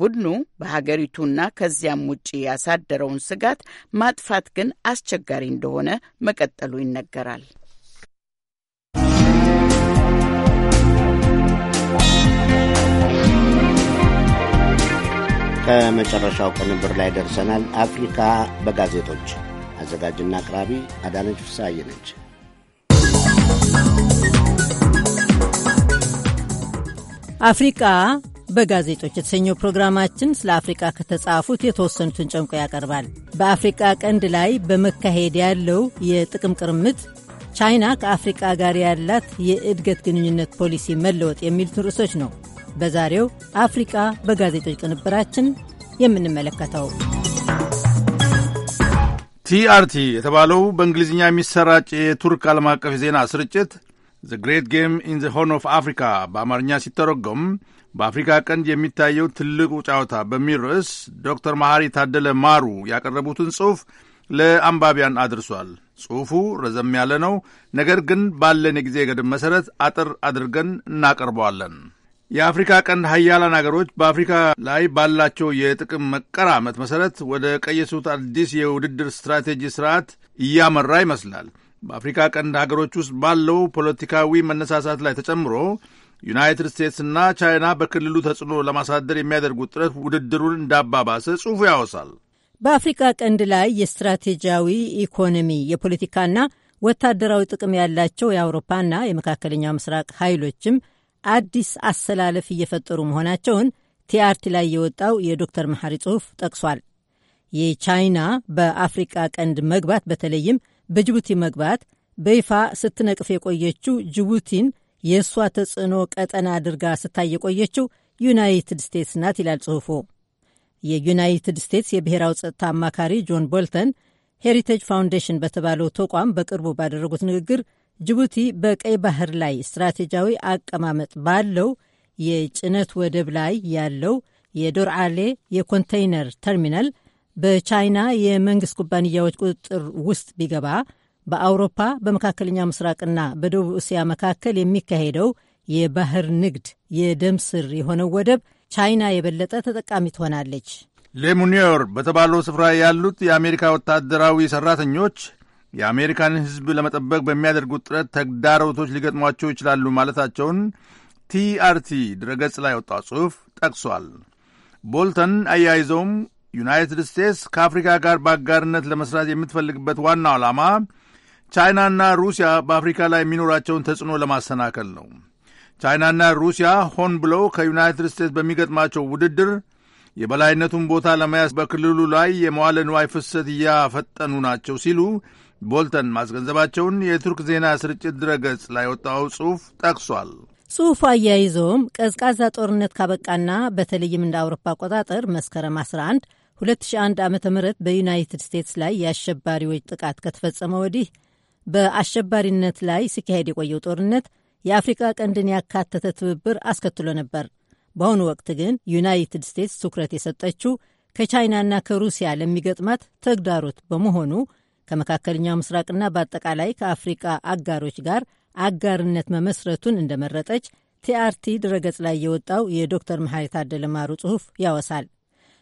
ቡድኑ በሀገሪቱና ከዚያም ውጭ ያሳደረውን ስጋት ማጥፋት ግን አስቸጋሪ እንደሆነ መቀጠሉ ይነገራል። ከመጨረሻው ቅንብር ላይ ደርሰናል። አፍሪካ በጋዜጦች አዘጋጅና አቅራቢ አዳነች ፍስሐዬ ነች። አፍሪቃ በጋዜጦች የተሰኘው ፕሮግራማችን ስለ አፍሪቃ ከተጻፉት የተወሰኑትን ጨምቆ ያቀርባል። በአፍሪቃ ቀንድ ላይ በመካሄድ ያለው የጥቅም ቅርምት፣ ቻይና ከአፍሪቃ ጋር ያላት የእድገት ግንኙነት ፖሊሲ መለወጥ የሚሉትን ርዕሶች ነው በዛሬው አፍሪቃ በጋዜጦች ቅንብራችን የምንመለከተው ቲአርቲ የተባለው በእንግሊዝኛ የሚሰራጭ የቱርክ ዓለም አቀፍ የዜና ስርጭት ዘ ግሬት ጌም ኢን ዘ ሆርን ኦፍ አፍሪካ በአማርኛ ሲተረጎም በአፍሪካ ቀንድ የሚታየው ትልቁ ጨዋታ በሚል ርዕስ ዶክተር መሐሪ ታደለ ማሩ ያቀረቡትን ጽሑፍ ለአንባቢያን አድርሷል። ጽሑፉ ረዘም ያለ ነው። ነገር ግን ባለን የጊዜ ገደብ መሠረት አጥር አድርገን እናቀርበዋለን። የአፍሪካ ቀንድ ሀያላን ሀገሮች በአፍሪካ ላይ ባላቸው የጥቅም መቀራመት መሰረት ወደ ቀየሱት አዲስ የውድድር ስትራቴጂ ስርዓት እያመራ ይመስላል። በአፍሪካ ቀንድ ሀገሮች ውስጥ ባለው ፖለቲካዊ መነሳሳት ላይ ተጨምሮ ዩናይትድ ስቴትስና ቻይና በክልሉ ተጽዕኖ ለማሳደር የሚያደርጉት ጥረት ውድድሩን እንዳባባሰ ጽሑፉ ያወሳል። በአፍሪካ ቀንድ ላይ የስትራቴጂያዊ ኢኮኖሚ፣ የፖለቲካና ወታደራዊ ጥቅም ያላቸው የአውሮፓና የመካከለኛው ምስራቅ ኃይሎችም አዲስ አሰላለፍ እየፈጠሩ መሆናቸውን ቲአርቲ ላይ የወጣው የዶክተር መሐሪ ጽሑፍ ጠቅሷል። የቻይና በአፍሪቃ ቀንድ መግባት በተለይም በጅቡቲ መግባት በይፋ ስትነቅፍ የቆየችው ጅቡቲን የእሷ ተጽዕኖ ቀጠና አድርጋ ስታይ የቆየችው ዩናይትድ ስቴትስ ናት ይላል ጽሑፉ። የዩናይትድ ስቴትስ የብሔራዊ ጸጥታ አማካሪ ጆን ቦልተን ሄሪቴጅ ፋውንዴሽን በተባለው ተቋም በቅርቡ ባደረጉት ንግግር ጅቡቲ በቀይ ባህር ላይ ስትራቴጂያዊ አቀማመጥ ባለው የጭነት ወደብ ላይ ያለው የዶር አሌ የኮንቴይነር ተርሚናል በቻይና የመንግስት ኩባንያዎች ቁጥጥር ውስጥ ቢገባ በአውሮፓ በመካከለኛ ምስራቅና በደቡብ እስያ መካከል የሚካሄደው የባህር ንግድ የደም ስር የሆነው ወደብ ቻይና የበለጠ ተጠቃሚ ትሆናለች። ሌሙኒዮር በተባለው ስፍራ ያሉት የአሜሪካ ወታደራዊ ሰራተኞች የአሜሪካንን ሕዝብ ለመጠበቅ በሚያደርጉት ጥረት ተግዳሮቶች ሊገጥሟቸው ይችላሉ ማለታቸውን ቲአርቲ ድረገጽ ላይ ወጣው ጽሑፍ ጠቅሷል። ቦልተን አያይዘውም ዩናይትድ ስቴትስ ከአፍሪካ ጋር በአጋርነት ለመስራት የምትፈልግበት ዋናው ዓላማ ቻይናና ሩሲያ በአፍሪካ ላይ የሚኖራቸውን ተጽዕኖ ለማሰናከል ነው። ቻይናና ሩሲያ ሆን ብለው ከዩናይትድ ስቴትስ በሚገጥማቸው ውድድር የበላይነቱን ቦታ ለመያዝ በክልሉ ላይ የመዋለ ንዋይ ፍሰት እያፈጠኑ ናቸው ሲሉ ቦልተን ማስገንዘባቸውን የቱርክ ዜና ስርጭት ድረገጽ ላይ ወጣው ጽሑፍ ጠቅሷል። ጽሑፉ አያይዘውም ቀዝቃዛ ጦርነት ካበቃና በተለይም እንደ አውሮፓ አቆጣጠር መስከረም 11 2001 ዓ ም በዩናይትድ ስቴትስ ላይ የአሸባሪዎች ጥቃት ከተፈጸመ ወዲህ በአሸባሪነት ላይ ሲካሄድ የቆየው ጦርነት የአፍሪካ ቀንድን ያካተተ ትብብር አስከትሎ ነበር። በአሁኑ ወቅት ግን ዩናይትድ ስቴትስ ትኩረት የሰጠችው ከቻይናና ከሩሲያ ለሚገጥማት ተግዳሮት በመሆኑ ከመካከለኛው ምስራቅና በአጠቃላይ ከአፍሪቃ አጋሮች ጋር አጋርነት መመስረቱን እንደመረጠች ቲአርቲ ድረገጽ ላይ የወጣው የዶክተር መሐሪ ታደለ ማሩ ጽሑፍ ያወሳል።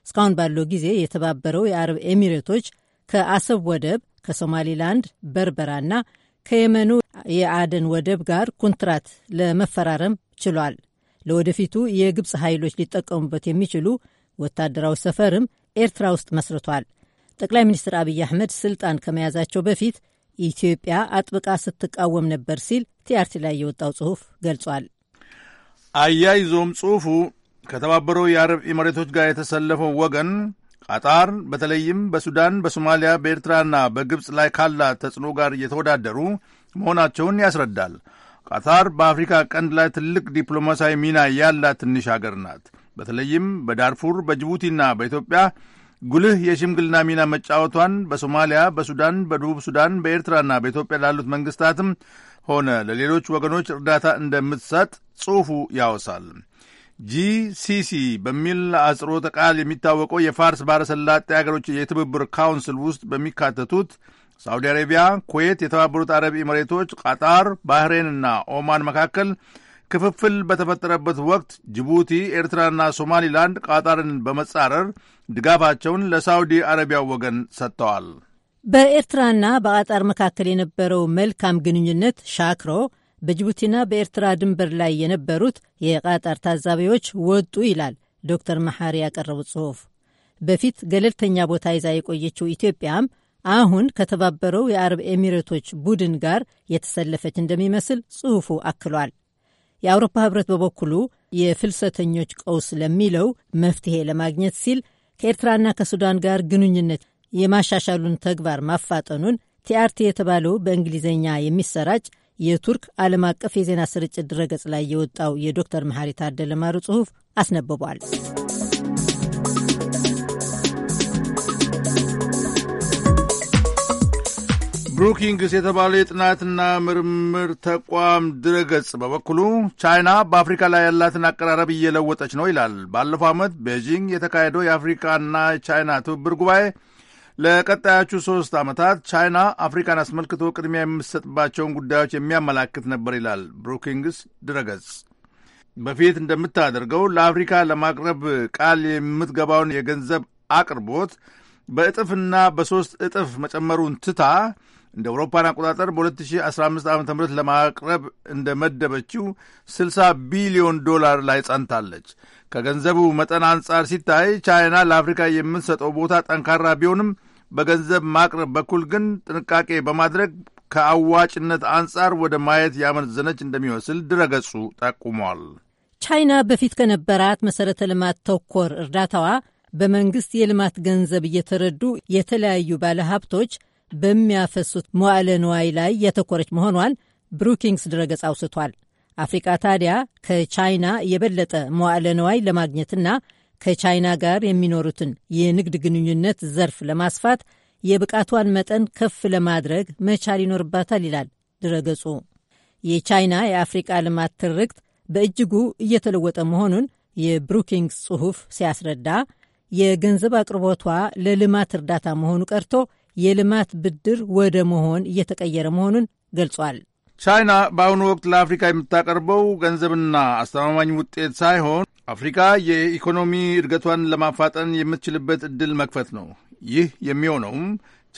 እስካሁን ባለው ጊዜ የተባበረው የአረብ ኤሚሬቶች ከአሰብ ወደብ ከሶማሊላንድ በርበራና ከየመኑ የአደን ወደብ ጋር ኮንትራት ለመፈራረም ችሏል። ለወደፊቱ የግብፅ ኃይሎች ሊጠቀሙበት የሚችሉ ወታደራዊ ሰፈርም ኤርትራ ውስጥ መስርቷል። ጠቅላይ ሚኒስትር አብይ አህመድ ስልጣን ከመያዛቸው በፊት ኢትዮጵያ አጥብቃ ስትቃወም ነበር ሲል ቲአርቲ ላይ የወጣው ጽሑፍ ገልጿል። አያይዞም ጽሑፉ ከተባበረው የአረብ ኤምሬቶች ጋር የተሰለፈው ወገን ቃጣር በተለይም በሱዳን፣ በሶማሊያ፣ በኤርትራና በግብፅ ላይ ካላት ተጽዕኖ ጋር እየተወዳደሩ መሆናቸውን ያስረዳል። ቃታር በአፍሪካ ቀንድ ላይ ትልቅ ዲፕሎማሲያዊ ሚና ያላት ትንሽ አገር ናት። በተለይም በዳርፉር በጅቡቲና በኢትዮጵያ ጉልህ የሽምግልና ሚና መጫወቷን በሶማሊያ፣ በሱዳን፣ በደቡብ ሱዳን፣ በኤርትራና በኢትዮጵያ ላሉት መንግስታትም ሆነ ለሌሎች ወገኖች እርዳታ እንደምትሰጥ ጽሑፉ ያወሳል። ጂሲሲ በሚል አጽሮተ ቃል የሚታወቀው የፋርስ ባረሰላጤ አገሮች የትብብር ካውንስል ውስጥ በሚካተቱት ሳውዲ አረቢያ፣ ኩዌት፣ የተባበሩት አረብ ኤምሬቶች፣ ቃጣር፣ ባህሬንና ኦማን መካከል ክፍፍል በተፈጠረበት ወቅት ጅቡቲ፣ ኤርትራና ሶማሊላንድ ቃጣርን በመጻረር ድጋፋቸውን ለሳውዲ አረቢያ ወገን ሰጥተዋል። በኤርትራና በቃጣር መካከል የነበረው መልካም ግንኙነት ሻክሮ በጅቡቲና በኤርትራ ድንበር ላይ የነበሩት የቃጣር ታዛቢዎች ወጡ ይላል ዶክተር መሐሪ ያቀረቡት ጽሑፍ። በፊት ገለልተኛ ቦታ ይዛ የቆየችው ኢትዮጵያም አሁን ከተባበረው የአረብ ኤሚሬቶች ቡድን ጋር የተሰለፈች እንደሚመስል ጽሑፉ አክሏል። የአውሮፓ ህብረት በበኩሉ የፍልሰተኞች ቀውስ ለሚለው መፍትሄ ለማግኘት ሲል ከኤርትራና ከሱዳን ጋር ግንኙነት የማሻሻሉን ተግባር ማፋጠኑን ቲአርቲ የተባለው በእንግሊዝኛ የሚሰራጭ የቱርክ ዓለም አቀፍ የዜና ስርጭት ድረገጽ ላይ የወጣው የዶክተር መሐሪ ታደለ ጽሑፍ አስነብቧል። ብሩኪንግስ የተባለ የጥናትና ምርምር ተቋም ድረገጽ በበኩሉ ቻይና በአፍሪካ ላይ ያላትን አቀራረብ እየለወጠች ነው ይላል። ባለፈው ዓመት ቤጂንግ የተካሄደው የአፍሪካና ቻይና ትብብር ጉባኤ ለቀጣዮቹ ሶስት ዓመታት ቻይና አፍሪካን አስመልክቶ ቅድሚያ የምትሰጥባቸውን ጉዳዮች የሚያመላክት ነበር ይላል ብሩኪንግስ ድረገጽ። በፊት እንደምታደርገው ለአፍሪካ ለማቅረብ ቃል የምትገባውን የገንዘብ አቅርቦት በእጥፍና በሦስት እጥፍ መጨመሩን ትታ እንደ አውሮፓን አቆጣጠር በ2015 ዓ ም ለማቅረብ እንደ መደበችው 60 ቢሊዮን ዶላር ላይ ጸንታለች። ከገንዘቡ መጠን አንጻር ሲታይ ቻይና ለአፍሪካ የምትሰጠው ቦታ ጠንካራ ቢሆንም በገንዘብ ማቅረብ በኩል ግን ጥንቃቄ በማድረግ ከአዋጭነት አንጻር ወደ ማየት ያመዘነች እንደሚመስል ድረገጹ ጠቁሟል። ቻይና በፊት ከነበራት መሠረተ ልማት ተኮር እርዳታዋ በመንግሥት የልማት ገንዘብ እየተረዱ የተለያዩ ባለሀብቶች በሚያፈሱት መዋዕለ ንዋይ ላይ ያተኮረች መሆኗን ብሩኪንግስ ድረገጽ አውስቷል። አፍሪቃ ታዲያ ከቻይና የበለጠ መዋዕለ ንዋይ ለማግኘትና ከቻይና ጋር የሚኖሩትን የንግድ ግንኙነት ዘርፍ ለማስፋት የብቃቷን መጠን ከፍ ለማድረግ መቻል ይኖርባታል ይላል ድረገጹ። የቻይና የአፍሪቃ ልማት ትርክት በእጅጉ እየተለወጠ መሆኑን የብሩኪንግስ ጽሑፍ ሲያስረዳ የገንዘብ አቅርቦቷ ለልማት እርዳታ መሆኑ ቀርቶ የልማት ብድር ወደ መሆን እየተቀየረ መሆኑን ገልጿል። ቻይና በአሁኑ ወቅት ለአፍሪካ የምታቀርበው ገንዘብና አስተማማኝ ውጤት ሳይሆን አፍሪካ የኢኮኖሚ እድገቷን ለማፋጠን የምትችልበት ዕድል መክፈት ነው። ይህ የሚሆነውም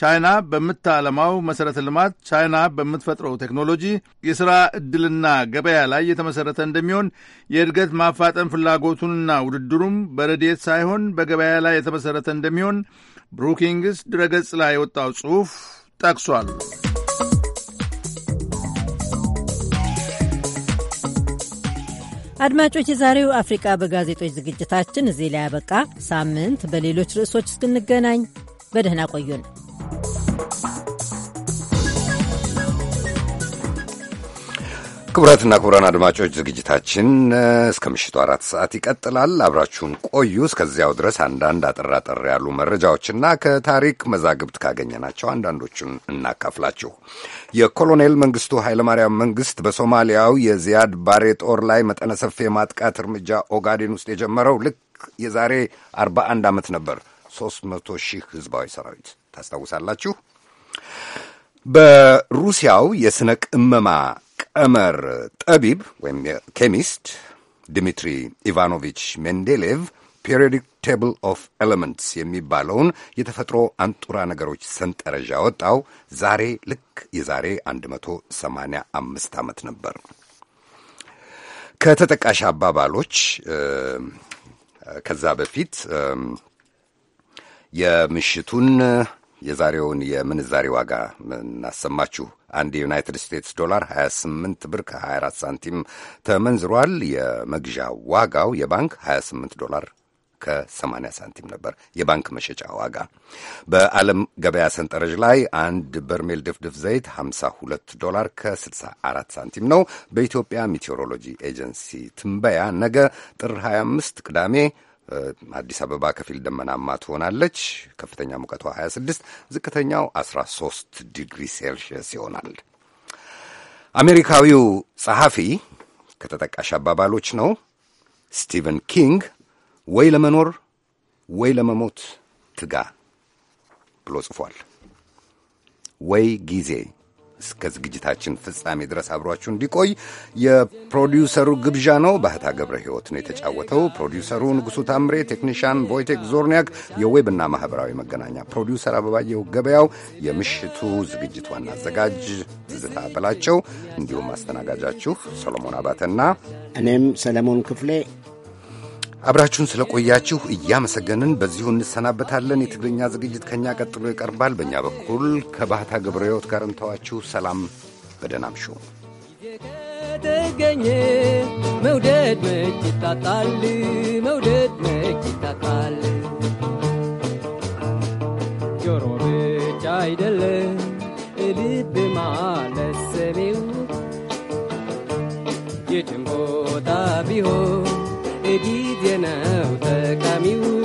ቻይና በምታለማው መሠረተ ልማት፣ ቻይና በምትፈጥረው ቴክኖሎጂ፣ የሥራ ዕድልና ገበያ ላይ የተመሠረተ እንደሚሆን የእድገት ማፋጠን ፍላጎቱንና ውድድሩም በረድኤት ሳይሆን በገበያ ላይ የተመሠረተ እንደሚሆን ብሩኪንግስ ድረገጽ ላይ የወጣው ጽሑፍ ጠቅሷል። አድማጮች፣ የዛሬው አፍሪቃ በጋዜጦች ዝግጅታችን እዚህ ላይ ያበቃ። ሳምንት በሌሎች ርዕሶች እስክንገናኝ በደህና ቆዩን። ክቡራትና ክቡራን አድማጮች ዝግጅታችን እስከ ምሽቱ አራት ሰዓት ይቀጥላል። አብራችሁን ቆዩ። እስከዚያው ድረስ አንዳንድ አጠራጠር ያሉ መረጃዎችና ከታሪክ መዛግብት ካገኘናቸው አንዳንዶቹን እናካፍላችሁ። የኮሎኔል መንግስቱ ኃይለማርያም መንግስት በሶማሊያው የዚያድ ባሬ ጦር ላይ መጠነ ሰፊ የማጥቃት እርምጃ ኦጋዴን ውስጥ የጀመረው ልክ የዛሬ 41 ዓመት ነበር። መቶ ሺህ ህዝባዊ ሰራዊት ታስታውሳላችሁ። በሩሲያው የስነ ቅመማ ቀመር ጠቢብ ወይም ኬሚስት ድሚትሪ ኢቫኖቪች ሜንዴሌቭ ፔሪዮዲክ ቴብል ኦፍ ኤሌመንትስ የሚባለውን የተፈጥሮ አንጡራ ነገሮች ሰንጠረዥ ያወጣው ዛሬ ልክ የዛሬ 185 ዓመት ነበር። ከተጠቃሽ አባባሎች ከዛ በፊት የምሽቱን የዛሬውን የምንዛሬ ዋጋ እናሰማችሁ። አንድ የዩናይትድ ስቴትስ ዶላር 28 ብር ከ24 ሳንቲም ተመንዝሯል። የመግዣ ዋጋው የባንክ 28 ዶላር ከ80 ሳንቲም ነበር። የባንክ መሸጫ ዋጋ በዓለም ገበያ ሰንጠረዥ ላይ አንድ በርሜል ድፍድፍ ዘይት 52 ዶላር ከ64 ሳንቲም ነው። በኢትዮጵያ ሜቴዎሮሎጂ ኤጀንሲ ትንበያ ነገ ጥር 25 ቅዳሜ አዲስ አበባ ከፊል ደመናማ ትሆናለች። ከፍተኛ ሙቀቷ 26፣ ዝቅተኛው 13 ዲግሪ ሴልሽየስ ይሆናል። አሜሪካዊው ጸሐፊ ከተጠቃሽ አባባሎች ነው ስቲቨን ኪንግ ወይ ለመኖር ወይ ለመሞት ትጋ ብሎ ጽፏል። ወይ ጊዜ እስከ ዝግጅታችን ፍጻሜ ድረስ አብሯችሁ እንዲቆይ የፕሮዲውሰሩ ግብዣ ነው። ባህታ ገብረ ሕይወት ነው የተጫወተው። ፕሮዲውሰሩ ንጉሡ ታምሬ፣ ቴክኒሽያን ቮይቴክ ዞርኒያክ፣ የዌብና ማኅበራዊ መገናኛ ፕሮዲውሰር አበባየሁ ገበያው፣ የምሽቱ ዝግጅት ዋና አዘጋጅ ትዝታ በላቸው፣ እንዲሁም አስተናጋጃችሁ ሰሎሞን አባተና እኔም ሰለሞን ክፍሌ አብራችሁን ስለቆያችሁ እያመሰገንን በዚሁ እንሰናበታለን። የትግርኛ ዝግጅት ከእኛ ቀጥሎ ይቀርባል። በእኛ በኩል ከባህታ ገብረ ሕይወት ጋር እንተዋችሁ። ሰላም፣ በደህና አምሹ። ከተገኘ መውደድ መች ይታጣል? መውደድ መች ይታጣል? ጆሮ ብቻ አይደለም ልብ ማለት ሰሜው የትም ቦታ ቢሆን ጀናው ጠቃሚው